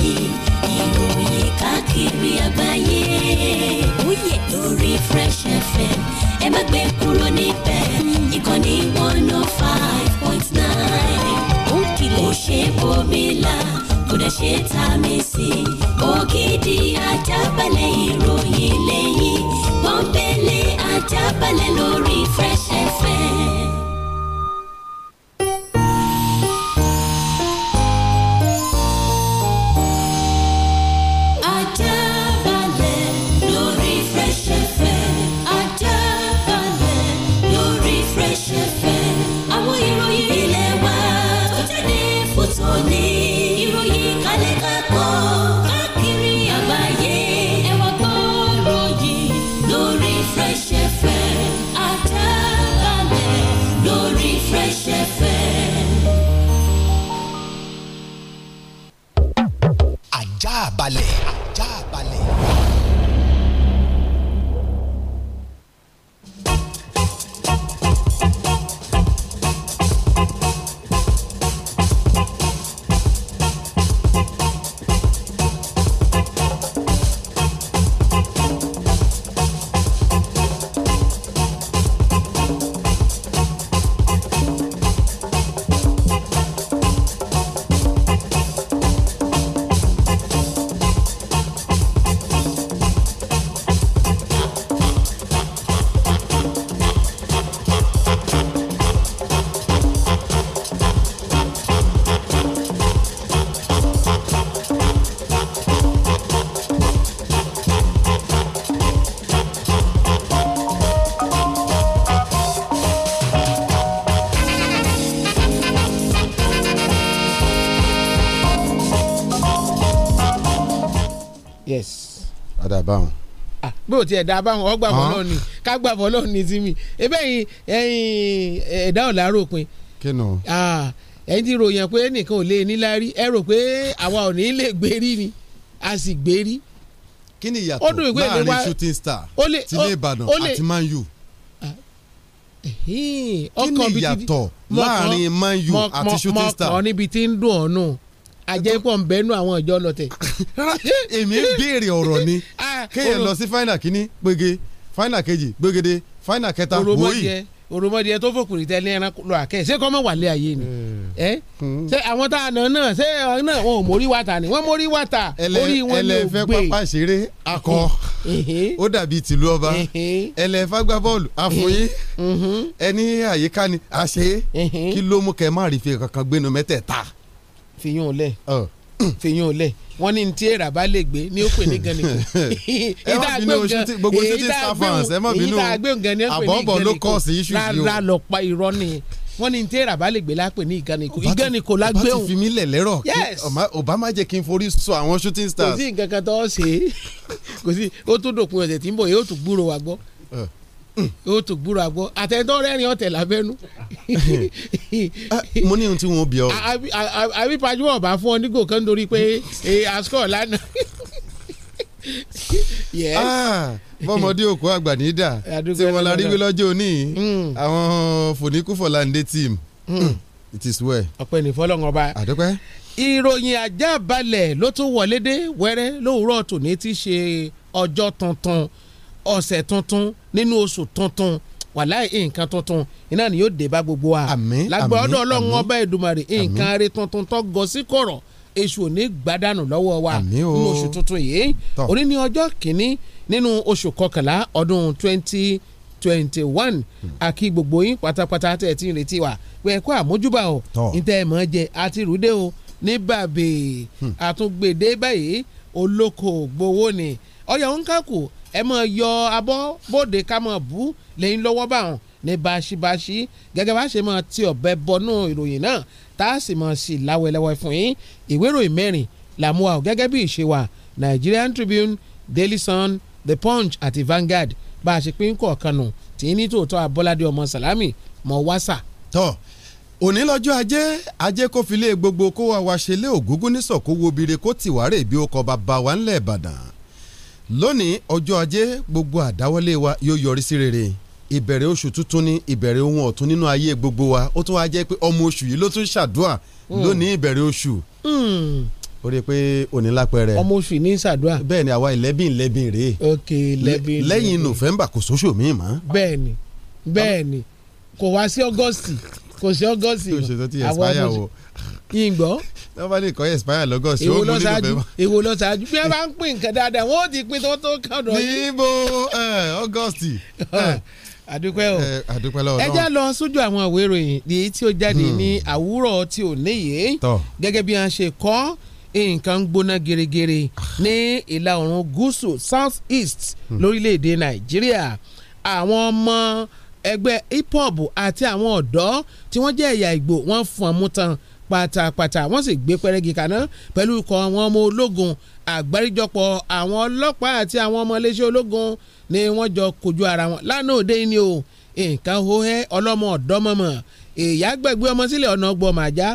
yìí ìròyìn káàkiri àgbáyé. Oyè lórí Fresh FM ẹ má gbé kúrò níbẹ̀ ìkànnì one oh five point nine. Ó kìlọ̀ ṣe bomi la kódà ṣe ta mi sí. Ògidì ajábalẹ̀ ìròyìn lẹ́yìn pọ́npẹ́lẹ́ ajábalẹ̀ lórí Fresh FM. pé òtí ẹ̀dá báwọn ọgbà fọlọ́ ni ah. kágbà fọlọ́ ni ti mi ebe yìí ẹ̀yin ẹ̀dá ọ̀la ròpin. kínú. Ah, ẹ̀yin ti ròyìn pé nìkan ò lè nílá rí ẹ rò pé àwa ò ní lè gbérí ni a sì gbérí. kí ni ìyàtọ̀ láàrin shooting star ti ilé Ìbàdàn àti Man U. Ah, kí ni ìyàtọ̀ láàrin Man U àti shooting star. mọ̀kàn níbi tí ń dùn ọ̀nù àjẹpọ̀ ń bẹ́nu àwọn ìjọ lọ́tẹ̀. èmi ń béèrè ọ̀rọ̀ ni kéèyàn lọ sí fáìnà kínní gbége fáìnà kejì gbégede fáìnà kẹta wòóyì. òròmọdìẹ tó fòkùnrin tẹ ní ẹran lọ àkẹ́ ṣé kọ́ mọ̀ wálé ayé ni ẹ eh. eh? hmm. ṣé àwọn tá a nà náà ṣé náà wọn ò mórí wàtà ni wọn mórí wàtà orí wọn ni ò gbé. ẹlẹfẹ pápá ìṣeré akọ ó dàbí tìlú ọba ẹlẹfẹ gbá bọ́ọ̀lù àfòyín mm-hmm. ẹni àyíká ni àṣe kí ló mú kẹ má rí fi kankan gbénu mẹ́tẹ̀ẹ̀ta. fi yún un lẹ. fìyàn olẹ wọn ní ti èrà bá lè gbé ní ó pè ní gan ni kò ìta gbẹ̀ngàn ní ó pè ní gan ni kò rárá lọ pa irọ́ ni wọ́n ní tẹ́rà bá lè gbé lápè ní ìgànnìkò ìgànnìkò la gbé òun. ọba ti fi mí lẹ̀ lẹ́rọ̀ kí ọba má jẹ́ kí n forí sọ àwọn shooting stars. kò sí nǹkan kan tó ṣe é kò sí ó tó dòpin ọ̀sẹ̀ tí ń bọ̀ yóò tún gbúrò wa gbọ́ yóò tó gbúra gbọ́ àtẹ̀tọ́ rẹ́rìn ọ̀tẹ̀ lábẹ́nu. Ah, mo ní ohun tí wọn ò bí ọ. àbí pajúmọ̀ ọ̀bá fún ọ nígò kan nítorí pé e, asukọ̀ lánàá. bọ́mọdé ah, òkú àgbà ní dà tí wọ́n la rí wí lọ́jọ́ òní hmm. àwọn fòníkúfọ̀láńdé team hmm. it is well. ọpẹ́ ní fọlọ́ngàn ọba. àdúpẹ́. ìròyìn ajá balẹ̀ ló tún wọlé dé wẹ́rẹ́ lówùúrọ̀ tòní ti ṣe ọjọ́ tuntun ọ̀sẹ̀ tuntun nínú oṣù tuntun wàláì nǹkan tuntun iná ni yóò dé bá gbogbo wa lágbà ọ̀dọ̀ Ọlọ́run ọba Èdùmàrè nǹkan rẹ tuntun tó gọ sí kọ̀rọ̀ èṣù ò ní gbádànù lọ́wọ́ wa nínú oṣù tuntun yìí òní ní ọjọ́ kìíní nínú oṣù kọkànlá ọdún twenty twenty one àkí hmm. gbogbo yín pátápátá tẹ̀ tí ń retí wa pé ẹ̀kọ́ àmójúbà o ìtẹ̀ mọ́ jẹ àti rúdé o ní bàbè àtúngbèdé hmm. báyìí olóko gbowó ni ọ̀yà òǹkàkù ẹ mọ̀ yọ abọ́ bóde ká mọ̀ bú lẹ́yìn lọ́wọ́ bá wọn ní báṣibáṣi gẹ́gẹ́ bá ṣe mọ̀ tí ọ̀bẹ bọnú ìròyìn náà tá a sì mọ̀ sí láwẹ́lẹ́wẹ́ fún yín ìwé ìròyìn mẹ́rin làmúwa ò gẹ́gẹ́ bí ìṣe wa Nigerian Tribune Daily Sun The Punch àti Vanguard bá a ṣe pín kọ̀ọ̀kan nù tí ní tòótọ́ Abọ́ládé ọmọ Sàlámì mọ̀ wáṣà. tọ́ òní lọ́jọ́ ajé ajé kó fi lé gbogbo kó wa wá ṣe lé ògúngún nísọ̀kó wo obìnrin kó tìwárè bí ó kọ́ bá wa ńlẹ̀ Ìbàdàn lónìí ọjọ́ ajé gbogbo àdáwọ́lé wa yóò yọrí sí rere ìbẹ̀rẹ̀ oṣù tuntun ni ìbẹ̀rẹ̀ ohun ọ̀tun nínú ayé gbogbo wa ó tún wáá jẹ́ pé ọmọ oṣù yìí ló tún ṣàdúà hmm. lónìí ìbẹ̀rẹ̀ oṣù hmm. ó rí i pé òní lápẹẹrẹ ọmọ oṣù ní ṣàdúà bẹ́ẹ̀ ni àwa eleven eleven rèé ok eleven lẹ́yìn november kò sóṣù míì mọ́ bẹ́ẹ̀ ni kò wá sí august kò sí ọgọ́sì àwọn ọmọ yìí gbọ́. wọ́n bá ní ìkọ́ expire lọ́gọ́sì ó mú nínú bẹ́ẹ̀ mọ́. èwo ló ṣáájú bí wọ́n bá ń pín nǹkan dáadáa wọ́n ó ti pín tó tó kàdọ̀ yìí. níbo ọgọ́sì. Ah, àdúpẹ́ o àdúpẹ́ lọ́wọ́ náà. ẹ já lọ sójú àwọn ìwé ìròyìn èyí tí ó jáde hmm. ní àwúrọ̀ tí ò léyè gẹ́gẹ́ bí wọ́n ṣe kọ́ nǹkan gbóná gerigeri ní ìlà oòrùn gúúsù south east hmm. lórílẹ̀ ẹgbẹ́ hip hop àti àwọn ọ̀dọ́ tí wọ́n jẹ́ ẹ̀yà ìgbò wọ́n fún ọmú tán pátápátá wọ́n sì gbé pẹ́rẹ́gì kaná pẹ̀lú ikọ̀ àwọn ọmọ ológun àgbáríjọpọ̀ àwọn ọlọ́pàá àti àwọn ọmọ iléeṣẹ́ ológun ni wọ́n jọ kojú ara wọn lánàá òde ni o nǹkan hohẹ́ ọlọ́mọ ọ̀dọ́mọmọ ìyá gbẹ̀gbẹ́ ọmọ sílẹ̀ ọ̀nà ọgbọ̀n màjá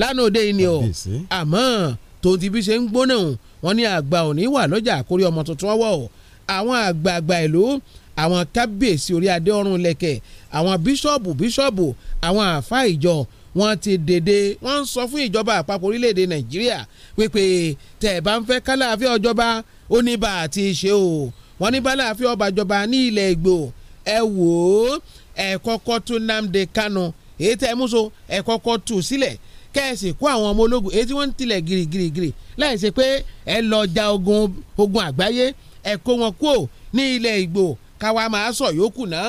lánàá òde ni o àmọ́ tó ti bí ṣe ń gbóná wọn ní àgbà òní wà lọ́jà àkórí ọmọ tuntun ọwọ́ àwọn àgbààgbà ìlú àwọn kábíyèsí orí adé ọ̀run lẹ̀kẹ̀ àwọn bíṣọ̀bù bíṣọ̀bù àwọn àáfàá ìjọ wọ́n ti dèdè wọ́n ń sọ fún ìjọba àpapọ̀ orílẹ̀-èdè nàìjíríà wípé tẹ̀ bá ń fẹ́ kálàáfíà ọjọba ó ní bá a ti ṣe o wọ́n ní bálàáfíà ọba jọba ní ilẹ̀ ìgbò ẹ wò ó ẹ kọ́kọ́ tún Nnamdi Kanu èyí tẹ́ ẹ mú so ẹ kọ́kọ́ tù sílẹ̀ kẹ́ẹ̀sì kó àwọn ọmọ ológun èyí tí wọ́n ń tilẹ̀ girigirigiri láì ṣe pé ẹ lọ ja ogun ogun àgbáyé ẹ kó wọn kúò ní ilẹ̀ ìgbò káwa máa sọ yòókù náà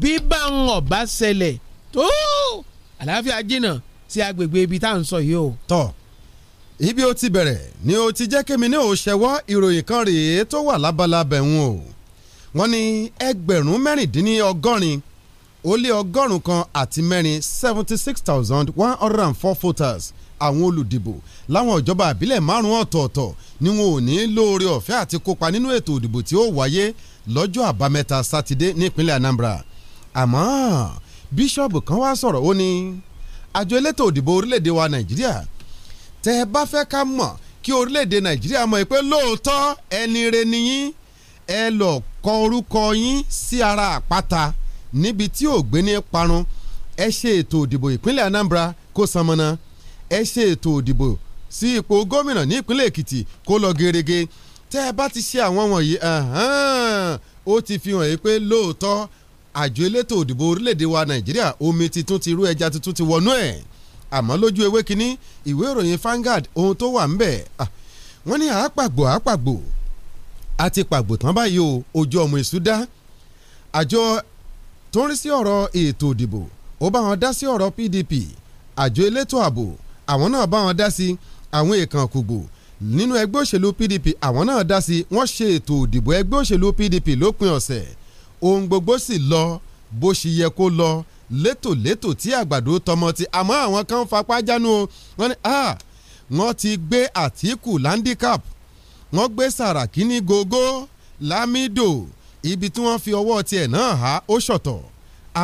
bí bá ń ọ̀bá ṣẹlẹ̀ tó àlàáfíà jìnnà sí agbègbè ibi tá à ń sọ yìí o. tọ́ ibi ó ti bẹ̀rẹ̀ ni ó ti jẹ́ kémi ní òṣèwọ́ ìròyìn kan rèé tó wà lábala bẹ̀hùn o wọ́n ní ẹgbẹ̀rún mẹ́rìndínlọ́gọ́rin ó lé ọgọ́rùn-ún kan àti mẹ́rin seventy six thousand one hundred and four voters àwọn olùdìbò láwọn ìjọba àbílẹ̀ márùn-ún ọ̀tọ̀ọ̀tọ̀ ni wọn ò ní lóore ọ̀fẹ́ àti kópa nínú ètò òdìbò tí ó wáyé lọ́jọ́ àbámẹ́ta sátidé nípínlẹ̀ Anambra àmọ́ bíṣọ̀bù kan wá sọ̀rọ̀ ó ní àjọ elétò òdìbò orílẹ̀-èdè wa Nàìjíríà tẹ́ ẹ bá fẹ́ ká mọ̀ kí orílẹ̀-èdè Nàìjíríà mọ̀ pé lóòótọ́ ẹni re niyín ẹ lọ kọ orúkọ yín sí ara àpáta níbi tí ògbéni parun ẹ ṣe ètò òdìbò ìpínlẹ̀ Anambra kó sanmọ́nà ẹ ṣe ètò òdìbò sí ipò gómìnà ní ìpínlẹ̀ Èkìtì kó lọ gerege tẹ́ ẹ bá ti ṣe àwọn wọ̀nyí ó ti fi hàn yìí pé lóòótọ́ àjọ elétò òdìbò orílẹ̀-èdè wa nàìjíríà omi titun ti rú ẹja tuntun ti wọnú ẹ̀ àmọ́ lójú ewé kínní ìwé ìròyìn Vanguard ohun tó wà ńbẹ̀ wọ́n ní àápàgbò àápàgbò àti pàgbò tán báyìí o ojú ọmọ ìsúdá àjọ tó ń rí sí ọ̀rọ̀ ètò òdìbò ó bá wọn dá sí ọ̀rọ̀ PDP àjọ elétò ààbò àwọn náà bá wọn dá sí àwọn èèkàn kùgbò nínú ẹgbẹ́ òṣèlú PDP àwọn náà dá sí wọ́n ṣe ètò òdìbò ẹgbẹ́ òṣèlú PDP lópin ọ̀sẹ̀ ohun gbogbo sì lọ bó ṣe yẹ kó lọ létòlétò tí àgbàdo tọmọ ti àmọ́ àwọn kan fapá jánu o wọ́n ní ah, wọ́n ti gbé Àtíkù landicap wọ́n gbé Sàràkí ní gógó Lámídò ibi tí wọ́n fi ọwọ́ tiẹ̀ náà há ó ṣọ̀tọ̀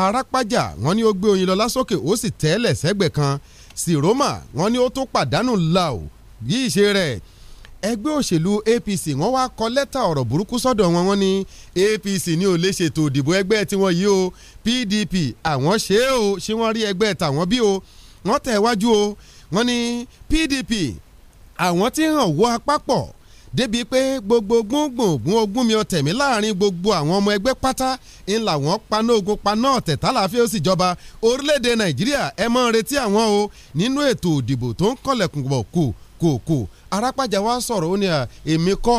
arápájà wọ́n ní ó gbé Oyinlọlá sókè ó sì tẹ́lẹ̀ sẹ́gbẹ̀ kan sì Roma wọ́n ní ó tó pàdánù la o bí ìṣe rẹ̀ ẹgbẹ́ òṣèlú APC wọ́n wá kọ lẹ́tà ọ̀rọ̀ burúkú sọ́dọ̀ wọn wọ́n ní APC ni ò lè ṣètò òdìbò ẹgbẹ́ tiwọn yìí o PDP àwọn ṣe é o ṣé wọ́n rí ẹgbẹ́ tàwọn bí o wọ́n tẹ̀ wájú o wọ́n ní PDP àwọn ti hàn wọ apá pọ̀ débi pé gbogbo gbóngbòngbòn ogún mi ọ̀tẹ̀ mi láàrin gbogbo àwọn ọmọ ẹgbẹ́ pátá ń là wọ́n paná ogun paná ọ̀tẹ̀ tálàáfíà ó sì jọba orílẹ̀-èdè Nàìjíríà ẹ mọ́ retí àwọn o nínú ètò òdìbò tó ń kọlẹ̀kùn bọ̀ kù kòkò arápájà wa sọ̀rọ̀ ó ní à èmi kọ́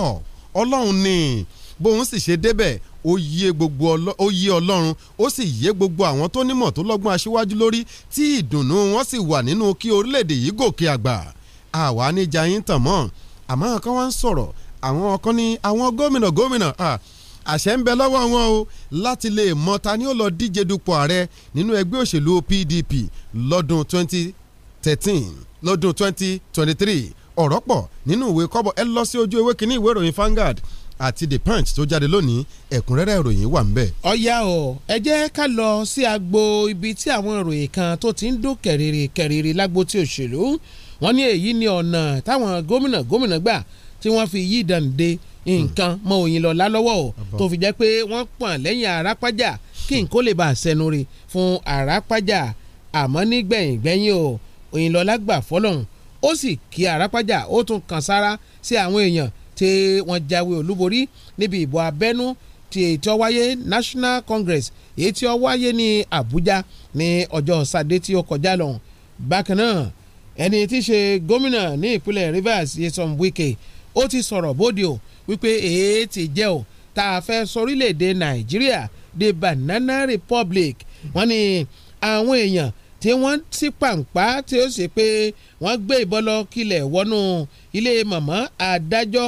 ọlọ́run ni bóun sì ṣe débẹ̀ ó yé gbogbo ó yé ọlọ́run ó sì yé gbogbo àwọn tó nímọ̀ tó lọ́gbọ́n aṣíwájú lórí tí ìdùnnú wọn sì wà nínú kí orílẹ̀-èdè yìí gòkè àgbà àwa níjà yín tàn mọ́ àmọ́ kan wá ń sọ̀rọ̀ àwọn kan ní àwọn gómìnà gómìnà àṣẹ ń bẹ lọ́wọ́ wọn o láti lè mọ ta ni ó lọ díje dupò ààrẹ nínú ẹgbẹ́ òṣèlú PDP lọ́dún 20 thirteen lọ́dún twenty twenty three ọ̀rọ̀ pọ̀ nínú ìwé kọ́bọ̀ ẹ lọ sí ojú ewé kínní ìwé ìròyìn Vanguard àti the punch tó jáde lónìí ẹ̀kúnrẹ́rẹ́ ìròyìn wà ńbẹ̀. ọ̀yá o ẹ jẹ́ ká lọ sí agbo ibi tí àwọn ìròyìn kan tó ti ń dún kẹ̀rìrì kẹ̀rìrì lágbo tí òṣèlú wọ́n ní èyí ni ọ̀nà táwọn gómìnà gómìnà gbà tí wọ́n fi yí ìdàǹde nǹkan hmm. mọ òyìn lọ́la lọ́wọ́ o tó fi jẹ́ pé wọ́n pọ̀n lẹ́yìn àràpájà kí nǹkó lè bá a sẹ́nu rí fún àràpájà àmọ́ nígbẹ̀yìn o Òyìnlọ́lá gbà fọlọ́hún ó sì kí arápájà ó tún kàn sára sí àwọn èèyàn tí wọ́n jáwé olúborí níbi ìbò abẹ́nú ti èyí tí wáyé National Congress èyí tí ó wáyé ní Àbújá ní ọjọ́ sàdé tí ó kọjá lọ́hùn bákan náà ẹni tí í ṣe gómìnà ní ìpínlẹ̀ Rivers Yesom Wike ó ti sọ̀rọ̀ bóde o wípé èyí ti jẹ́ o tá a fẹ́ sọrílẹ̀‐èdè Nàìjíríà the banana republic wọ́n ní àwọn èèyàn tí wọ́n ti pàǹpá tí ó ṣe pé wọ́n gbé ìbọn lọ kílẹ̀ wọnú ilé mọ̀mọ́ adájọ́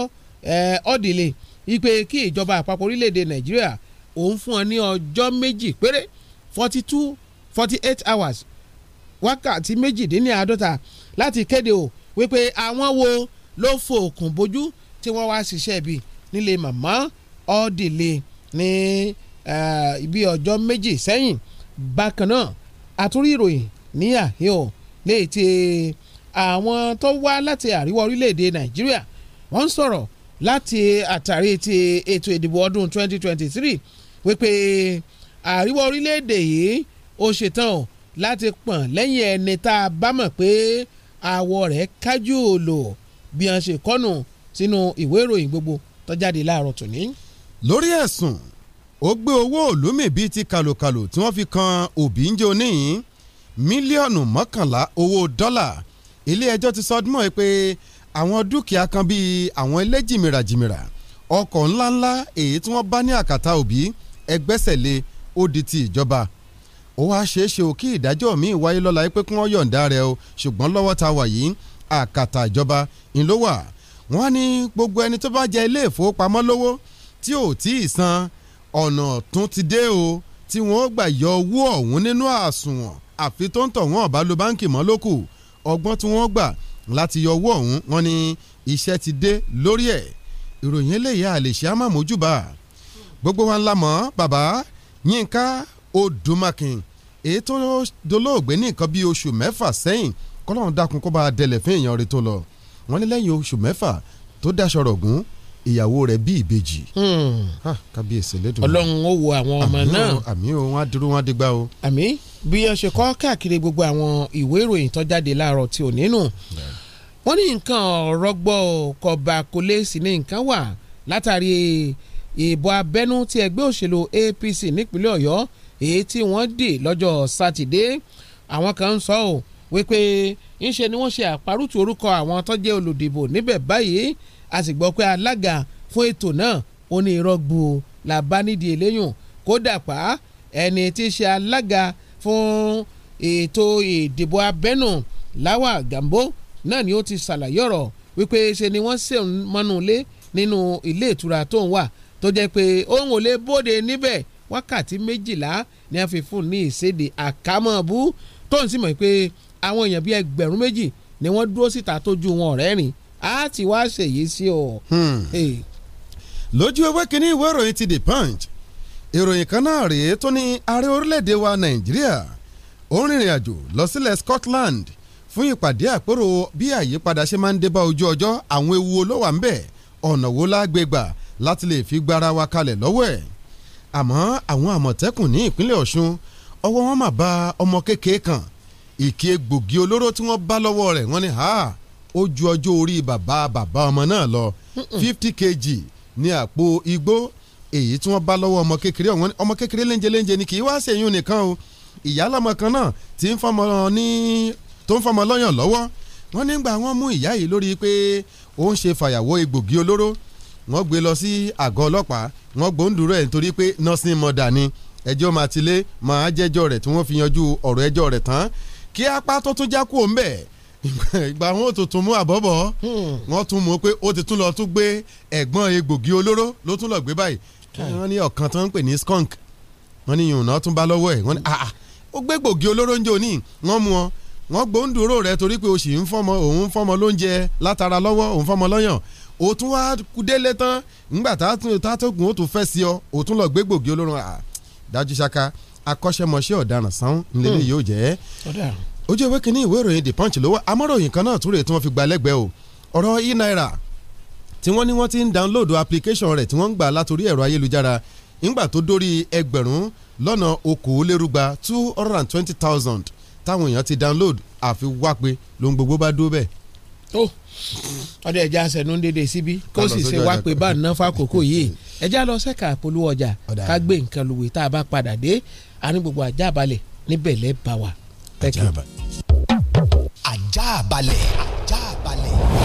ọ̀dìlẹ̀ ipe kí ìjọba àpapọ̀ orílẹ̀-èdè nàìjíríà òun fún ọ ní ọjọ́ méjì péré forty two forty eight hours wákàtí méjìdínláàádọ́ta láti kéde o wípé àwọn wo ló fòkùn bójú tí wọ́n wá ṣiṣẹ́ ibi nílé mọ̀mọ́ ọ̀dìlẹ̀ ní ibi ọjọ́ méjì sẹ́yìn bákan náà àtúrí ìròyìn ní àhíọ̀ léè ti àwọn tó wá láti àríwá orílẹ̀-èdè nàìjíríà wọ́n ń sọ̀rọ̀ láti àtàrí ti ètò ìdìbò ọdún 2023 wípé àríwá orílẹ̀-èdè yìí ó ṣetán o láti pọ̀n lẹ́yìn ẹni tá a bá mọ̀ pé àwọ̀ rẹ̀ kájú òòlò bí wọ́n ṣe kọ́nù sínú ìwé ìròyìn gbogbo tó jáde láàárọ̀ tòní. lórí ẹ̀sùn ó gbé owó olómi bíi ti kàlòkàlò tí wọ́n fi kan òbí ń jẹ́ oníyìn mílíọ̀nù mọ́kànlá owó dọ́là ilé ẹjọ́ ti sọ ọdúnmọ́ pé àwọn dúkìá kan bíi àwọn ilé jìmìràjìmìrà ọkọ̀ ńláńlá èyí tí wọ́n bá ní àkàtà òbí ẹgbẹ́sẹ̀lé ó di ti ìjọba ó wá ṣeé ò kí ìdájọ́ míì wáyé lọ́la pé kí wọ́n yọ̀ǹda rẹ̀ o ṣùgbọ́n lọ́wọ́ ta wà yìí àkàtà ìjọba ńlọ́wà wọ́n ní gbogbo ẹni tó bá jẹ ilé ìfowópamọ́ lówó tí ò tí ì san ọ̀nà ọ̀tún ti dé o tí wọ́n gbà yọ owó ọ̀hún nínú àsùnwọ̀n àfi tó ń tọ̀ wọ́n ọ̀bá ló báǹkì mọ́ lókù ọgbọ́n tí wọ́n gbà láti yọ owó ọ̀hún wọ́n ní iṣẹ́ ti dé lórí ẹ̀ ìròyìn eléyà àlèṣe àmàmójúbà gbogbo wa ńlá mọ́ bàbá Yínká Odùmákin èyí tó dolóògbé ní nǹkan bíi oṣù mẹ́fà sẹ́yìn kọ́lọ́run dákun kó bá a dẹlẹ̀ fún èèyàn rẹ̀ tó lọ wọ́n ní lẹ́yìn oṣù mẹ́fà tó dáṣọ̀rọ̀ gùn ìyàwó rẹ̀ bí ìbejì. Hmm. kábíyèsí lẹ́dùn. ọlọ́run ó wo àwọn ọmọ náà. àmì o wọn á dúró wọn á dégbà o. àmì bí wọ́n ṣe kọ́ káàkiri gbogbo àwọn ìwé ìròyìn tó jáde láàárọ̀ tí ò nínú. wọ́n ní nǹkan rọgbọ kọba kólésì ní nǹkan wà látàrí ìbò abẹ́nú ti ẹgbẹ́ òṣèlú APC nípínlẹ̀ ọ̀yọ́ èyí tí wọ́n dì lọ́jọ́ sátidé àwọn kan ń sọ ọ́ wípé ńṣe ni wọ́n ṣe àparùtù orúkọ àwọn tó jẹ́ olùdìbò níbẹ̀ báyìí a sì gbọ́ pé alága fún ètò náà ó ní irọ́ gbu la bá nídìí eléyùn kódà pa ẹni tí í ṣe alága fún ètò ìdìbò abẹ́nú láwà Gambo náà ni ó ti ṣàlàyé ọ̀rọ̀ wípé ṣe ni wọ́n ṣe mọ́nú lé nínú ilé ìtura tó ń wà tó jẹ́ pé òun ò lè bóde níbẹ̀ wákàtí méjìlá ni a fi fún ní ìséde àkámọ́bú tó ń sì mọ̀ pé àwọn èèyàn bíi ẹgbẹ̀rún méjì ni wọ́n dúró síta tójú wọn ọ̀rẹ́ rìn a ti wá ṣèyí sí o. Hmm. lójú ewé kínní ìwé ìròyìn ti the punch ìròyìn kan náà rèé tó ní ààrẹ orílẹ̀-èdè wa nàìjíríà ó ń rìnrìn àjò lọ sílẹ̀ scotland fún ìpàdé àpérò bí àyípadà ṣe máa ń débá ojú ọjọ́ àwọn ewu olówà ń bẹ̀ ọ̀nà wo lágbègbà láti lè fi gbára wa kalẹ̀ lọ́wọ́ ẹ̀ àmọ́ àwọn àmọ̀tẹ́kùn ní ìpínlẹ̀ ọ̀ṣun ọwọ́ wọn mà bá ọmọ kékeré kan ìkí egbògi olóró tí wọ́n bá lọ́wọ́ rẹ̀ wọ́n ní háà ó ju ọjọ́ orí bàbá bàbá ọmọ náà lọ fifty kg ní àpò igbó èyí tí wọ́n bá lọ́wọ́ ọmọ kékeré ọ̀hún ọmọ kékeré léńjẹ ni kì í wá ṣèyún nìkan o ìyálọ́mọ kan náà tí ń fọmọ ní tó ń fọmọ lọ́yàn lọ́wọ́ wọ́n nígbà wọ́n mú ìyá yìí lórí pé ó ń ṣe fàyàwọ́ egbògi olóró wọ́n gbé lọ sí àgọ́ ọlọ́pàá wọ́n gbóǹdúró ẹ̀ nítorí pé nursing mother ni ẹjọ́ máa ti jẹ́jọ́ rẹ̀ tí wọ́n fi yanjú ọ̀rọ̀ ẹjọ́ rẹ̀ tán kí apá tó tún já òun bẹ́ẹ̀ ìgbà wọn ò tuntun mú àbọ̀bọ̀ hmm. wọn tún mú pé ó ti tún lọ tún gbé ẹ̀gbọ́n egbògi olóró ló tún lọ gbé báyìí wọ́n ní ọ̀kan tó ń pè ní skunk wọ́n ní yùnà tún bá lọ́wọ́ ẹ̀ wọ́n ní àà ó gbé gbògi olóró ń jò ní wọ́n mú wọn wọ́n gbóǹdúró rẹ̀ torí pé o sì ń fọ́mọ òun fọ́mọ lóúnjẹ látara lọ́wọ́ òun fọ́mọ lọ́yàn o tún wá délé tán ńgbà tátòkùn ó tún fẹ́ sí ọ o tún lọ gbé gbògi olóró dájú ṣaka akọ́ṣẹ́mọṣẹ́ ọ̀daràn sáwọn ńlẹ́lẹ́ yóò jẹ́ ojú ewé kínní ìwé ìròyìn the punch ló wà amọ́ròyìn kan náà tún rèé tí wọ́n fi gba lẹ́gbẹ̀ẹ́ o ọ̀rọ̀ e-naira tí wọ́n ní wọ́n ti ń download application rẹ̀ tí wọ́n ń gbà látòrí ẹ̀rọ ayélujára ńgbà tó dórí ẹgbẹ̀rún lọ́nà okòólérúgba two hundred and twenty thousand táwọn èèyàn ti download àfi wá pé lóhun gbogbo bá dúró bẹ́ẹ̀. tó ọdẹ ẹja sẹnu dédé síbí kó sì ṣe wá pé bá ná fàkókò yìí ẹja lọ ṣẹ́ka polówó ọjà ká gbé nǹkan lùwẹ̀ Thank Ajá you. Ajá balẹ̀. Ajá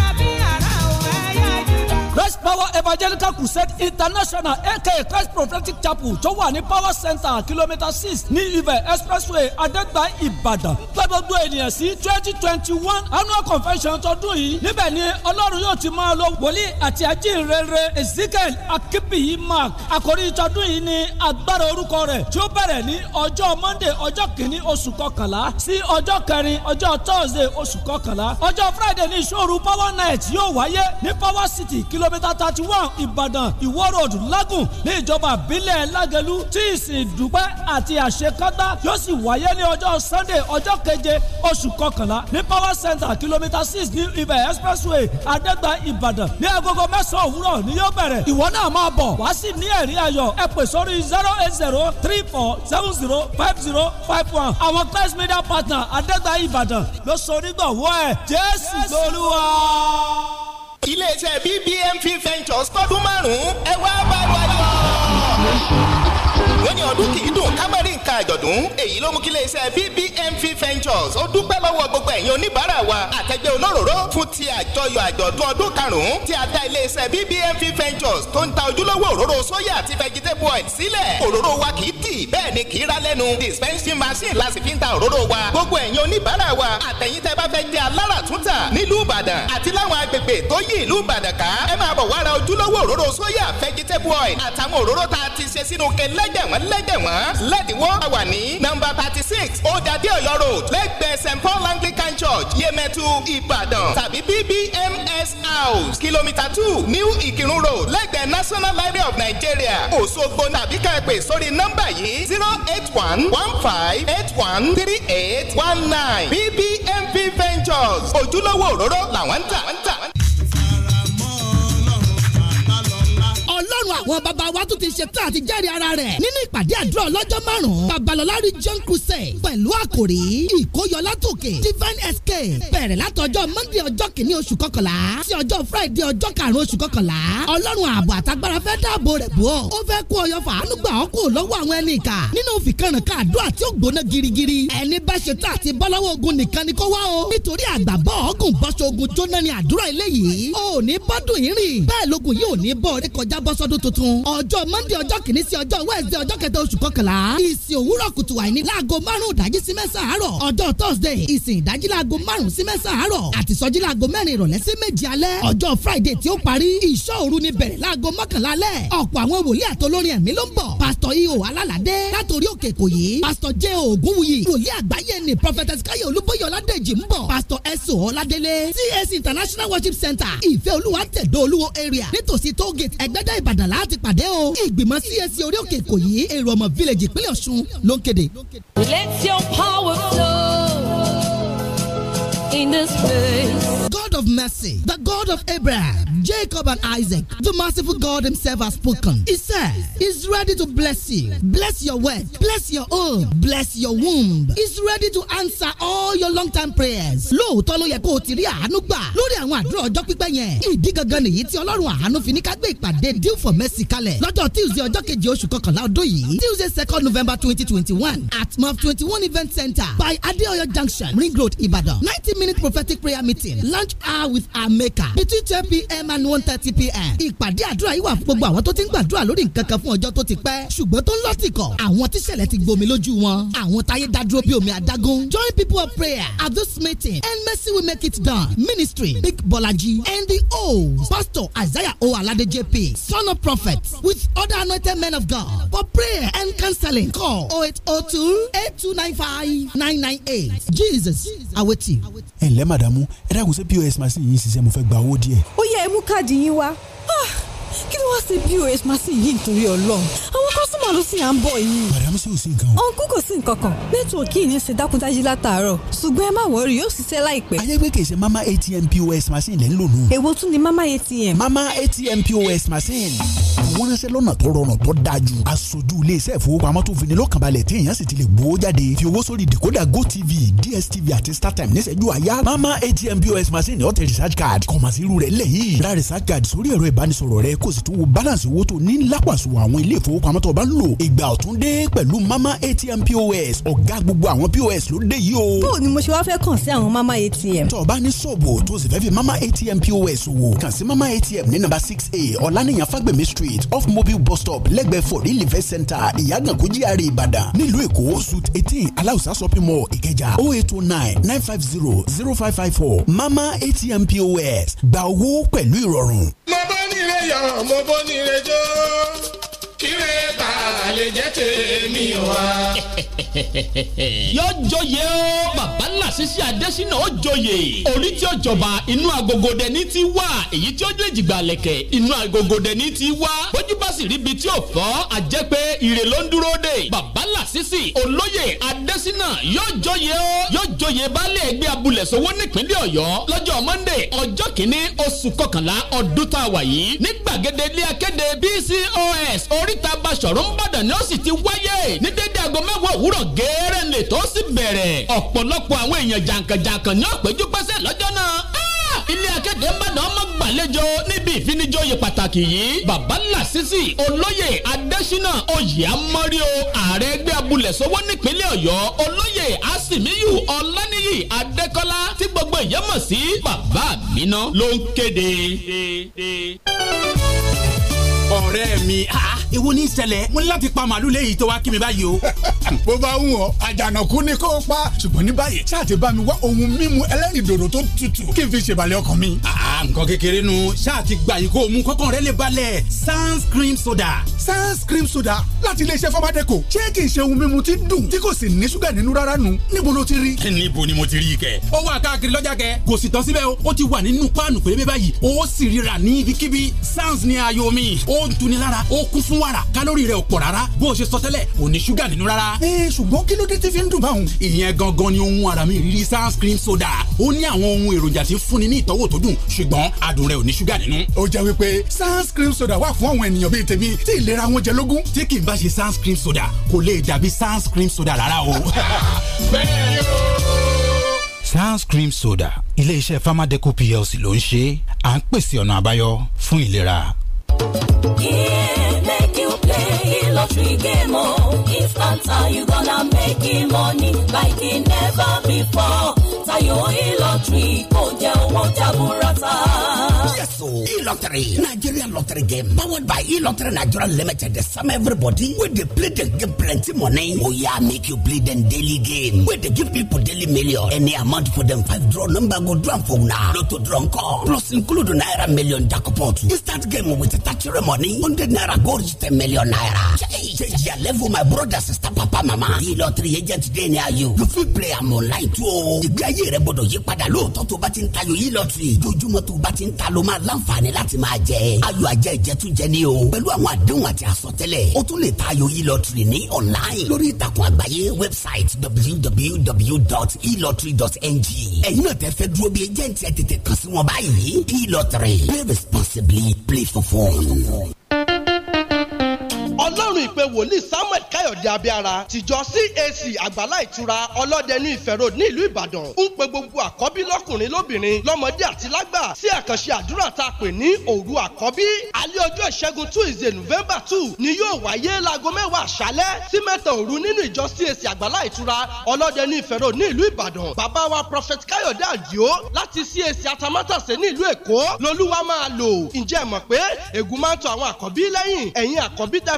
i to be alive. Christ Power Evangelical Crusade International aka Christ Prophetic Chapel tó wà ní Power Center kìlómítà six ní Ifẹ̀ expressway Adẹ́gbà Ibadan. gbàgbọ́gbọ́ ènìyàn sí twenty twenty one annual convention tọdún yìí níbẹ̀ ni Ọlọ́run yóò ti máa lo wòlíì àti ajínrere Ezekiel Akibiyi Mark àkórí tọdún yìí ní agbára orúkọ rẹ̀ tí ó bẹ̀rẹ̀ ní ọjọ́ Monday ọjọ́ kìíní oṣù kọkànlá sí ọjọ́ kẹrin ọjọ́ Thursday oṣù kọkànlá ọjọ́ Friday ní ìṣòro Power Night yóò wáyé ní Power City kìló kìlómítà thirty one ìbàdàn ìwó road lágùn ní ìjọba àbílẹ̀ lágẹ̀lú tí ìsìn ìdúpẹ́ àti àṣekọ́gbá yóò sì wáyé ní ọjọ́ sunday ọjọ́ keje oṣù kọkànlá ní power center kìlómítà six ní ibẹ̀ expressway àdẹ́gbà ìbàdàn ní agogo mẹ́sàn-án òwúrọ̀ ni yóò bẹ̀rẹ̀ ìwọ náà máa bọ̀ wá sí ní ẹ̀rí ayọ̀ ẹ pè sórí zero eight zero three four seven zero five zero five one àwọn christ media partner àdẹ́gbà ìbàdàn ló sọ onígbàwọ́ ẹ̀ jésù lolúwa iléeṣẹ́ bbmv ventures tọdún márùn-ún ẹ wá bá wa yọ. wọ́n ní ọdún kì í dùn ká má àjọ̀dún èyí ló mú kí iléeṣẹ́ BBMV Ventures ó dúpẹ́ lọ́wọ́ gbogbo ẹ̀yin oníbàárà wa àtẹgbẹ́ olóróró fún ti àjọyọ̀ àjọ̀dún ọdún karùn-ún tí a dá iléeṣẹ́ BBMV Ventures tó ń ta ojúlówó òróró sóyà àti vegetable oil sílẹ̀ òróró wa kì í tì bẹ́ẹ̀ ni kì í ra lẹ́nu dispensing machine la fi ń ta òróró wa gbogbo ẹ̀yin oníbàárà wa àtẹ̀yin tẹ́ bá fẹ́ jẹ́ aláràtúntà nílùú Ìbàdàn àti láwọn agbègbè tó yí ìlú Ìbàdàn ká ẹ máa bọ̀ wá ojúlówó òróró sóyà vegetable oil àtàwọn òróró tá ti ṣe sínú kẹlẹ́jẹ̀wọ́n lẹ́jẹ̀wọ́n lẹ́dínwó wà ní nọ́mbà thirty six Odadé Ọ̀yọ́ road lẹ́gbẹ̀ẹ́ St Paul Anglican Church Yemẹtu Ìbàdàn tàbí BBMS house kìlómítà two New Ìkírun road lẹ́gbẹ̀ẹ́ National Library of Nigeria Òṣogbo tàbí kẹ́pẹ́ sórí nọ́mbà yìí zero eight one one five eight one three eight one nine BBMP Ventures ojúlówó òróró làwọn ń tà. ọlọ́run àwọn bàbá wa tún ti ṣe tán àti jẹ́rìí ara rẹ̀ nínú ìpàdé àdúrà ọlọ́jọ́ márùn-ún babalọ́lá region crusade pẹ̀lú àkòrí ìkóyọlátòkè divine escape bẹ̀rẹ̀ látọjọ́ monday ọjọ́ kìíní oṣù kọkànlá sí ọjọ́ friday ọjọ́ karùn-ún oṣù kọkànlá ọlọ́run ààbò àtagbára fẹ́ dáàbò rẹ̀ bò ó ó fẹ́ kó ọyọ fàánú gbà ọ́ kó lọ́wọ́ àwọn ẹni ìka nínú fìkànnà ká àdúrà tí o nítorí àgbàbọ̀ ọ̀gùn bọ́ṣọ ogun ni àdúrà eléyìí ò ní bọ́dún yìí rìn bẹ́ẹ̀ lógun yìí ò ní ọdún tuntun ọjọ́ mọ́ndé ọjọ́ kìíní sí ọjọ́ wẹ́ẹ̀sì ọjọ́ kẹta oṣù kọkànlá ìsìn òwúrọ̀ kùtù àìní láago márùn-ún ìdájí sí mẹ́sàn àárọ̀ ọjọ́ thursday ìsìn ìdájí láago márùn-ún sí mẹ́sàn àárọ̀ àtisọjí láago mẹ́rin ìrọ̀lẹ́ sí méje alẹ́ ọjọ́ friday tí ó parí ìṣọ́ òru ni bẹ̀rẹ̀ láago mọ́kànlá alẹ́ ọ̀pọ̀ àwọn wòlíì àtolórin ẹ̀mí ló ń bọ̀ pásítọ̀ ihò e alálàdé látòrí òkè ìkòyí pásítọ̀ jẹ́ international worship center ìfẹ́ olúwa tẹ̀dó area nítòsí tóògì ẹ̀gbẹ́dá ìbàdàn láti pàdé o ìgbìmọ̀ CAC e orí òkè ìkòyí èrò ọmọ village ìpínlẹ̀ ọ̀ṣun ló ń kéde. Let your power flow in this place mercy, the God of Abraham, Jacob, and Isaac, the merciful God Himself has spoken. He said He's ready to bless you, bless your work, bless your home, bless your womb. He's ready to answer all your long-time prayers. Lóòótọ́ ló yẹ kó o ti rí àánú gbà lórí àwọn àdúrà ọjọ́ pípẹ́ yẹn. Ìdí gangan nìyí tí Ọlọ́run àánú fi ní ká gbé ìpàdé deal for mercy kalẹ̀ lọ́jọ́ Tuesday ọjọ́ kejì oṣù kọkànlá ọdún yìí Tuesday second November twenty twenty one at MOF twenty one event center by Adeoyo junction Ring Road Ibadan ninety minute prophetic prayer meeting lunch hour hour with our maker between ten pm and one thirty pm. ìpàdé àdúrà yìí wà fún gbogbo àwọn tó ti ń gbàdúrà lórí nǹkan kan fún ọjọ́ tó ti pẹ́ ṣùgbọ́n tó ń lọ́tìkọ̀ àwọn tíṣẹ̀lẹ̀ ti gbomi lójú wọn àwọn táyé dádúró bí omi adágún. join people of prayer at this meeting and mercy will make it done ministry big bolaji and the old pastor isaiah o alade jp son of prophet with other anointed men of god for prayer and counseling call 0802 8295 998 jesus awaiting. ẹ ǹlẹ́ màdàmú ẹ dákun sí pọ́s pharmacy yìí ṣiṣẹ́ mo fẹ́ gba owó díẹ̀. ó yẹ ẹ káàdì yín wá kí ló wá ṣe pos machine yìí nítorí Ọlọ́run àwọn kọ́sùmọ̀ ló sì à ń bọ̀ yìí. madam sì ò sí nǹkan o. ọ̀nkú kò sí nǹkan kan nẹ́tíwọ̀kì yìí ń ṣe dákúdájí látàárọ̀ ṣùgbọ́n ẹ má wọrí yóò ṣiṣẹ́ láìpẹ́. ayégbé kì mama atm pos machine lẹ́ ń lò nù. èwo tún ni mama atm. mama atm pos machine. wọ́n ránṣẹ́ lọ́nà tó rọrùn tó dájú. aṣojú iléeṣẹ́ ìfowópamọ́ tó fini lọ́kànbalẹ̀ téèyàn sì ti lè gbowó jáde fi owó sórí decoder gotv dstv àti startime níṣẹ́jú àyá. mama atm pos machine ọ̀tẹ̀ research card kọ̀mọ̀sí irú rẹ̀ lẹ́yìn. card sórí ẹ̀rọ ìbánisọ̀rọ̀ rẹ kò wo balance owó tó ní lápàsù àwọn ilé ìfowópamọ́ tó o bá ń lò ìgbà ọ̀tún dé pẹ̀lú mama atm pos ọ̀gá gbogbo àwọn pos ló dé yìí o. bó o ni mo ṣe wá fẹ́ kàn sí àwọn mama atm. tó o bá ní ṣọ́ọ̀bù tó o sì fẹ́ fi mama atm pos wò kàn sí mama atm ní nàmbà six a ọ̀lànìyàn fagbemi street off mobile bus stop lẹ́gbẹ̀ẹ́ for real event center ìyàgànkó GRA e ìbàdàn nílùú èkó suit eighteen aláùsá shopping mall ìkẹjà o oh eight o oh nine nine five zero zero five five four mama atm pos gba owó pẹ̀lú ìrọ̀rùn. mo bá nílé yọ̀ mo bó nílé jó kíre bá a lè jẹ́ tèmi wá. yóò joyè o bàbá ńlá Sisi Adésínà ó joyè orí tí ó jọba inú agogodẹ ní ti wá èyí tí ó lè jìgbà lẹ̀kẹ̀ inú agogodẹ ní ti wá bójú ríbi tí ò fọ́ àjẹ́ pé ire ló ń dúró dè bàbá ńlá Sisi olóyè Adésínà yóò joyè o yóò joyè baálé ẹgbẹ́ abúlé Ṣòwò nípínlẹ̀ Ọ̀yọ́ lọ́jọ́ Monday ọjọ́ kìíní oṣù kọkànlá ọdún tá a wà yìí ní gbàgede ilé akéde BCOS orí oríta Basọ̀rún Ìbàdàn ni ó sì ti wáyé ní dédé aago mẹ́wàá òwúrọ̀ gẹ́rẹ́ ni ètò ó sì bẹ̀rẹ̀ ọ̀pọ̀lọpọ̀ àwọn èèyàn jàǹkànjàǹkàn ni ó péjú pẹ́sẹ́ lọ́jọ́ náà ilé akéde ńbàdàn ọmọ gbàlejò níbi ìfinijóye pàtàkì yìí bàbá ńlá olóyè adésínà oyè amọ́ríò ààrẹ ẹgbẹ́ abúlé sọ́wọ́ nípínlẹ̀ ọ̀yọ́ olóyè asimiyu ọláníyì adékọ́lá tí gbogbo èèyàn mọ̀ sí bàbá mi ná ló ń kéde ọ̀rẹ́ mi èwo ní ṣẹlẹ̀ mo ní láti pa màálù léyìí tó wá kí mi báyìí o. bó bá ń wọ àjànàkú ni kó pa ṣùgbọ́n ní báyìí ṣáà ti bá mi wá ohun mímu ẹlẹ́rìndòdò tó tutù kí n fi ṣèbàlẹ̀ ọkàn mi. Ah, ah, nǹkan kékeré nu ṣáà ti gbà yìí kó o mú kọ́kàn rẹ lè balẹ̀ sans cream soda. sans cream soda láti iléeṣẹ́ fọ́mádẹ́kọ̀ ṣé kì í ṣe ohun mímu tí ń dùn tí kò sì ní ṣúgà nínú rárá nu níbo ló ti rí. níbo ni mo ti rí i kẹ. ó wà káàkiri lọ́jà kẹ kò sì tán síbẹ̀ o ó ti wà nínú páànù pérébé báyìí ó sì ríra ní ibikíbi sans ní ayọ̀ mi ó ń tuni lára ó kún fún wàrà kálórì rẹ̀ ò pọ̀ rárá bó o ṣe sọ tẹ́lẹ̀ ò ní ṣúgà nínú rárá. ẹ ṣùgbọ́n kí ló dé tí fi ń dùn báwọn. ìyẹn gangan ni ohun ara mi rírí sans cream soda ó ní àwọn ohun èròjà tí fúnni ní ìtọ́wò tó dùn ṣùgbọ́n adùn rẹ̀ ò ní ṣúgà nínú. ó jẹ́ wípé sans cream soda wà fún àwọn ènìyàn bíi tèmi tí ìlera wọn jẹ lógún. tí kì í bá ṣe sans cream soda kò lè dàbí sans cream soda rárá o. sans cream soda ilé-iṣẹ́ plc ló ń ṣe à ń pèsè ọ̀nà àbáyọ fún ìlera. Yeah, make you play Tayo e-lottery kò jẹ́ owó jaburata. Yes e-lottery Nigeria lottery game powered by e-lottery Nigeria limited dey sum everybody wey dey play the game plenty money. Oya oh, make you play dem daily game wey dey give people daily million. Any amount for dem five draw number go draw for una. Lotto draw call plus include naira million jackpot. Instant game with tatire money hundred naira go reach ten million naira. Change your level my brother sister papa mama. E-lottery agent dey near you. You fit play am online too o. Ìgbé ayé rẹ gbọdọ̀ yí padà lóòótọ́ tó bá ti ń tayọ yìí lọ́tìrì jojúmọ́ tó bá ti ń ta ló máa láǹfààní láti máa jẹ ayọ̀ ajẹ́ ìjẹtújẹ ni o pẹ̀lú àwọn àdéhùn àti àsọtẹ́lẹ̀ o tún lè tayọ yìí lọ́tìrì ní online lórí ìtàkùn àgbáyé website www.elottery.ng ẹ̀yin náà tẹ́ fẹ́ dúró bí ẹjẹ́ ń tẹ́ tètè kàn sí wọn báyìí elottery play responsibly play for fun àmì ìpè wòlíì samuel káyọ̀dé abíára tìjọ cac àgbàlá ìtura ọlọ́dẹ ní ìfẹ́ road ní ìlú ìbàdàn ń pe gbogbo àkọ́bí lọ́kùnrin lóbìnrin lọ́mọdé àti lágbà sí àkànṣe àdúrà tá a pè ní òru àkọ́bí alẹ́ ọjọ́ ìṣẹ́gun tuesday november two ni yóò wáyé láago mẹ́wàá àṣálẹ́ sí mẹ́ta òru nínú ìjọ cac àgbàlá ìtura ọlọ́dẹ ní ìfẹ́ ní ìlú ìbàdàn bàbá wa prophet káyọ̀dé àdìo láti cac atamátàsé ní ìlú èkó lolúwa máa lò ǹjẹ́ mọ̀ pé ègún máa ń tọ àwọn àkọ́bí lẹ́yìn ẹ̀yin àkọ́bí tẹ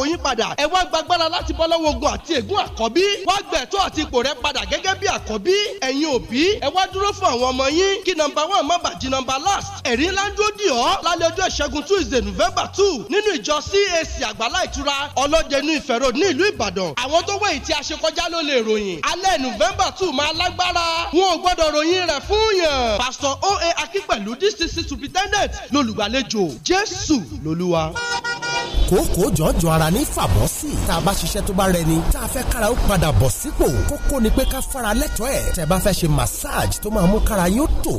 àpò yín padà ẹ wá gbàgbára láti bọ́ lọ́wọ́ ogun àti ègún àkọ́bí wá gbẹ̀tọ́ àti ipò rẹ padà gẹ́gẹ́ bí àkọ́bí ẹ̀yin òbí ẹ wá dúró fún àwọn ọmọ yín kí nọ́mbà one má bàjí nọ́mbà last ẹ̀rí ńlá ń dúró dì ọ́ lálẹ́ ọjọ́ ìṣẹ́gun tuesday november two nínú ìjọ cac àgbàlá ìtura ọlọ́dẹnu ìfẹ̀rọ ní ìlú ìbàdàn àwọn tó wẹ̀yìn tí a ṣe kọjá ló lè ròyìn alẹ́ november two máa lágbára wọn ò gbọ́dọ̀ ròyìn rẹ̀ fún yàn pastor oa akínpẹ̀lú dcc superintendent lolùgbàlejò jésù lolúwa. kókó jọjọ ara ta ní fàbọ́ sí tá a bá ṣiṣẹ́ tó bá rẹni tá a fẹ́ kára ó padà bọ̀ sípò kókó ni pé ká fara lẹ́tọ̀ọ́ ẹ̀ tẹ́ bá fẹ́ ṣe massage tó máa mú kára yóò tò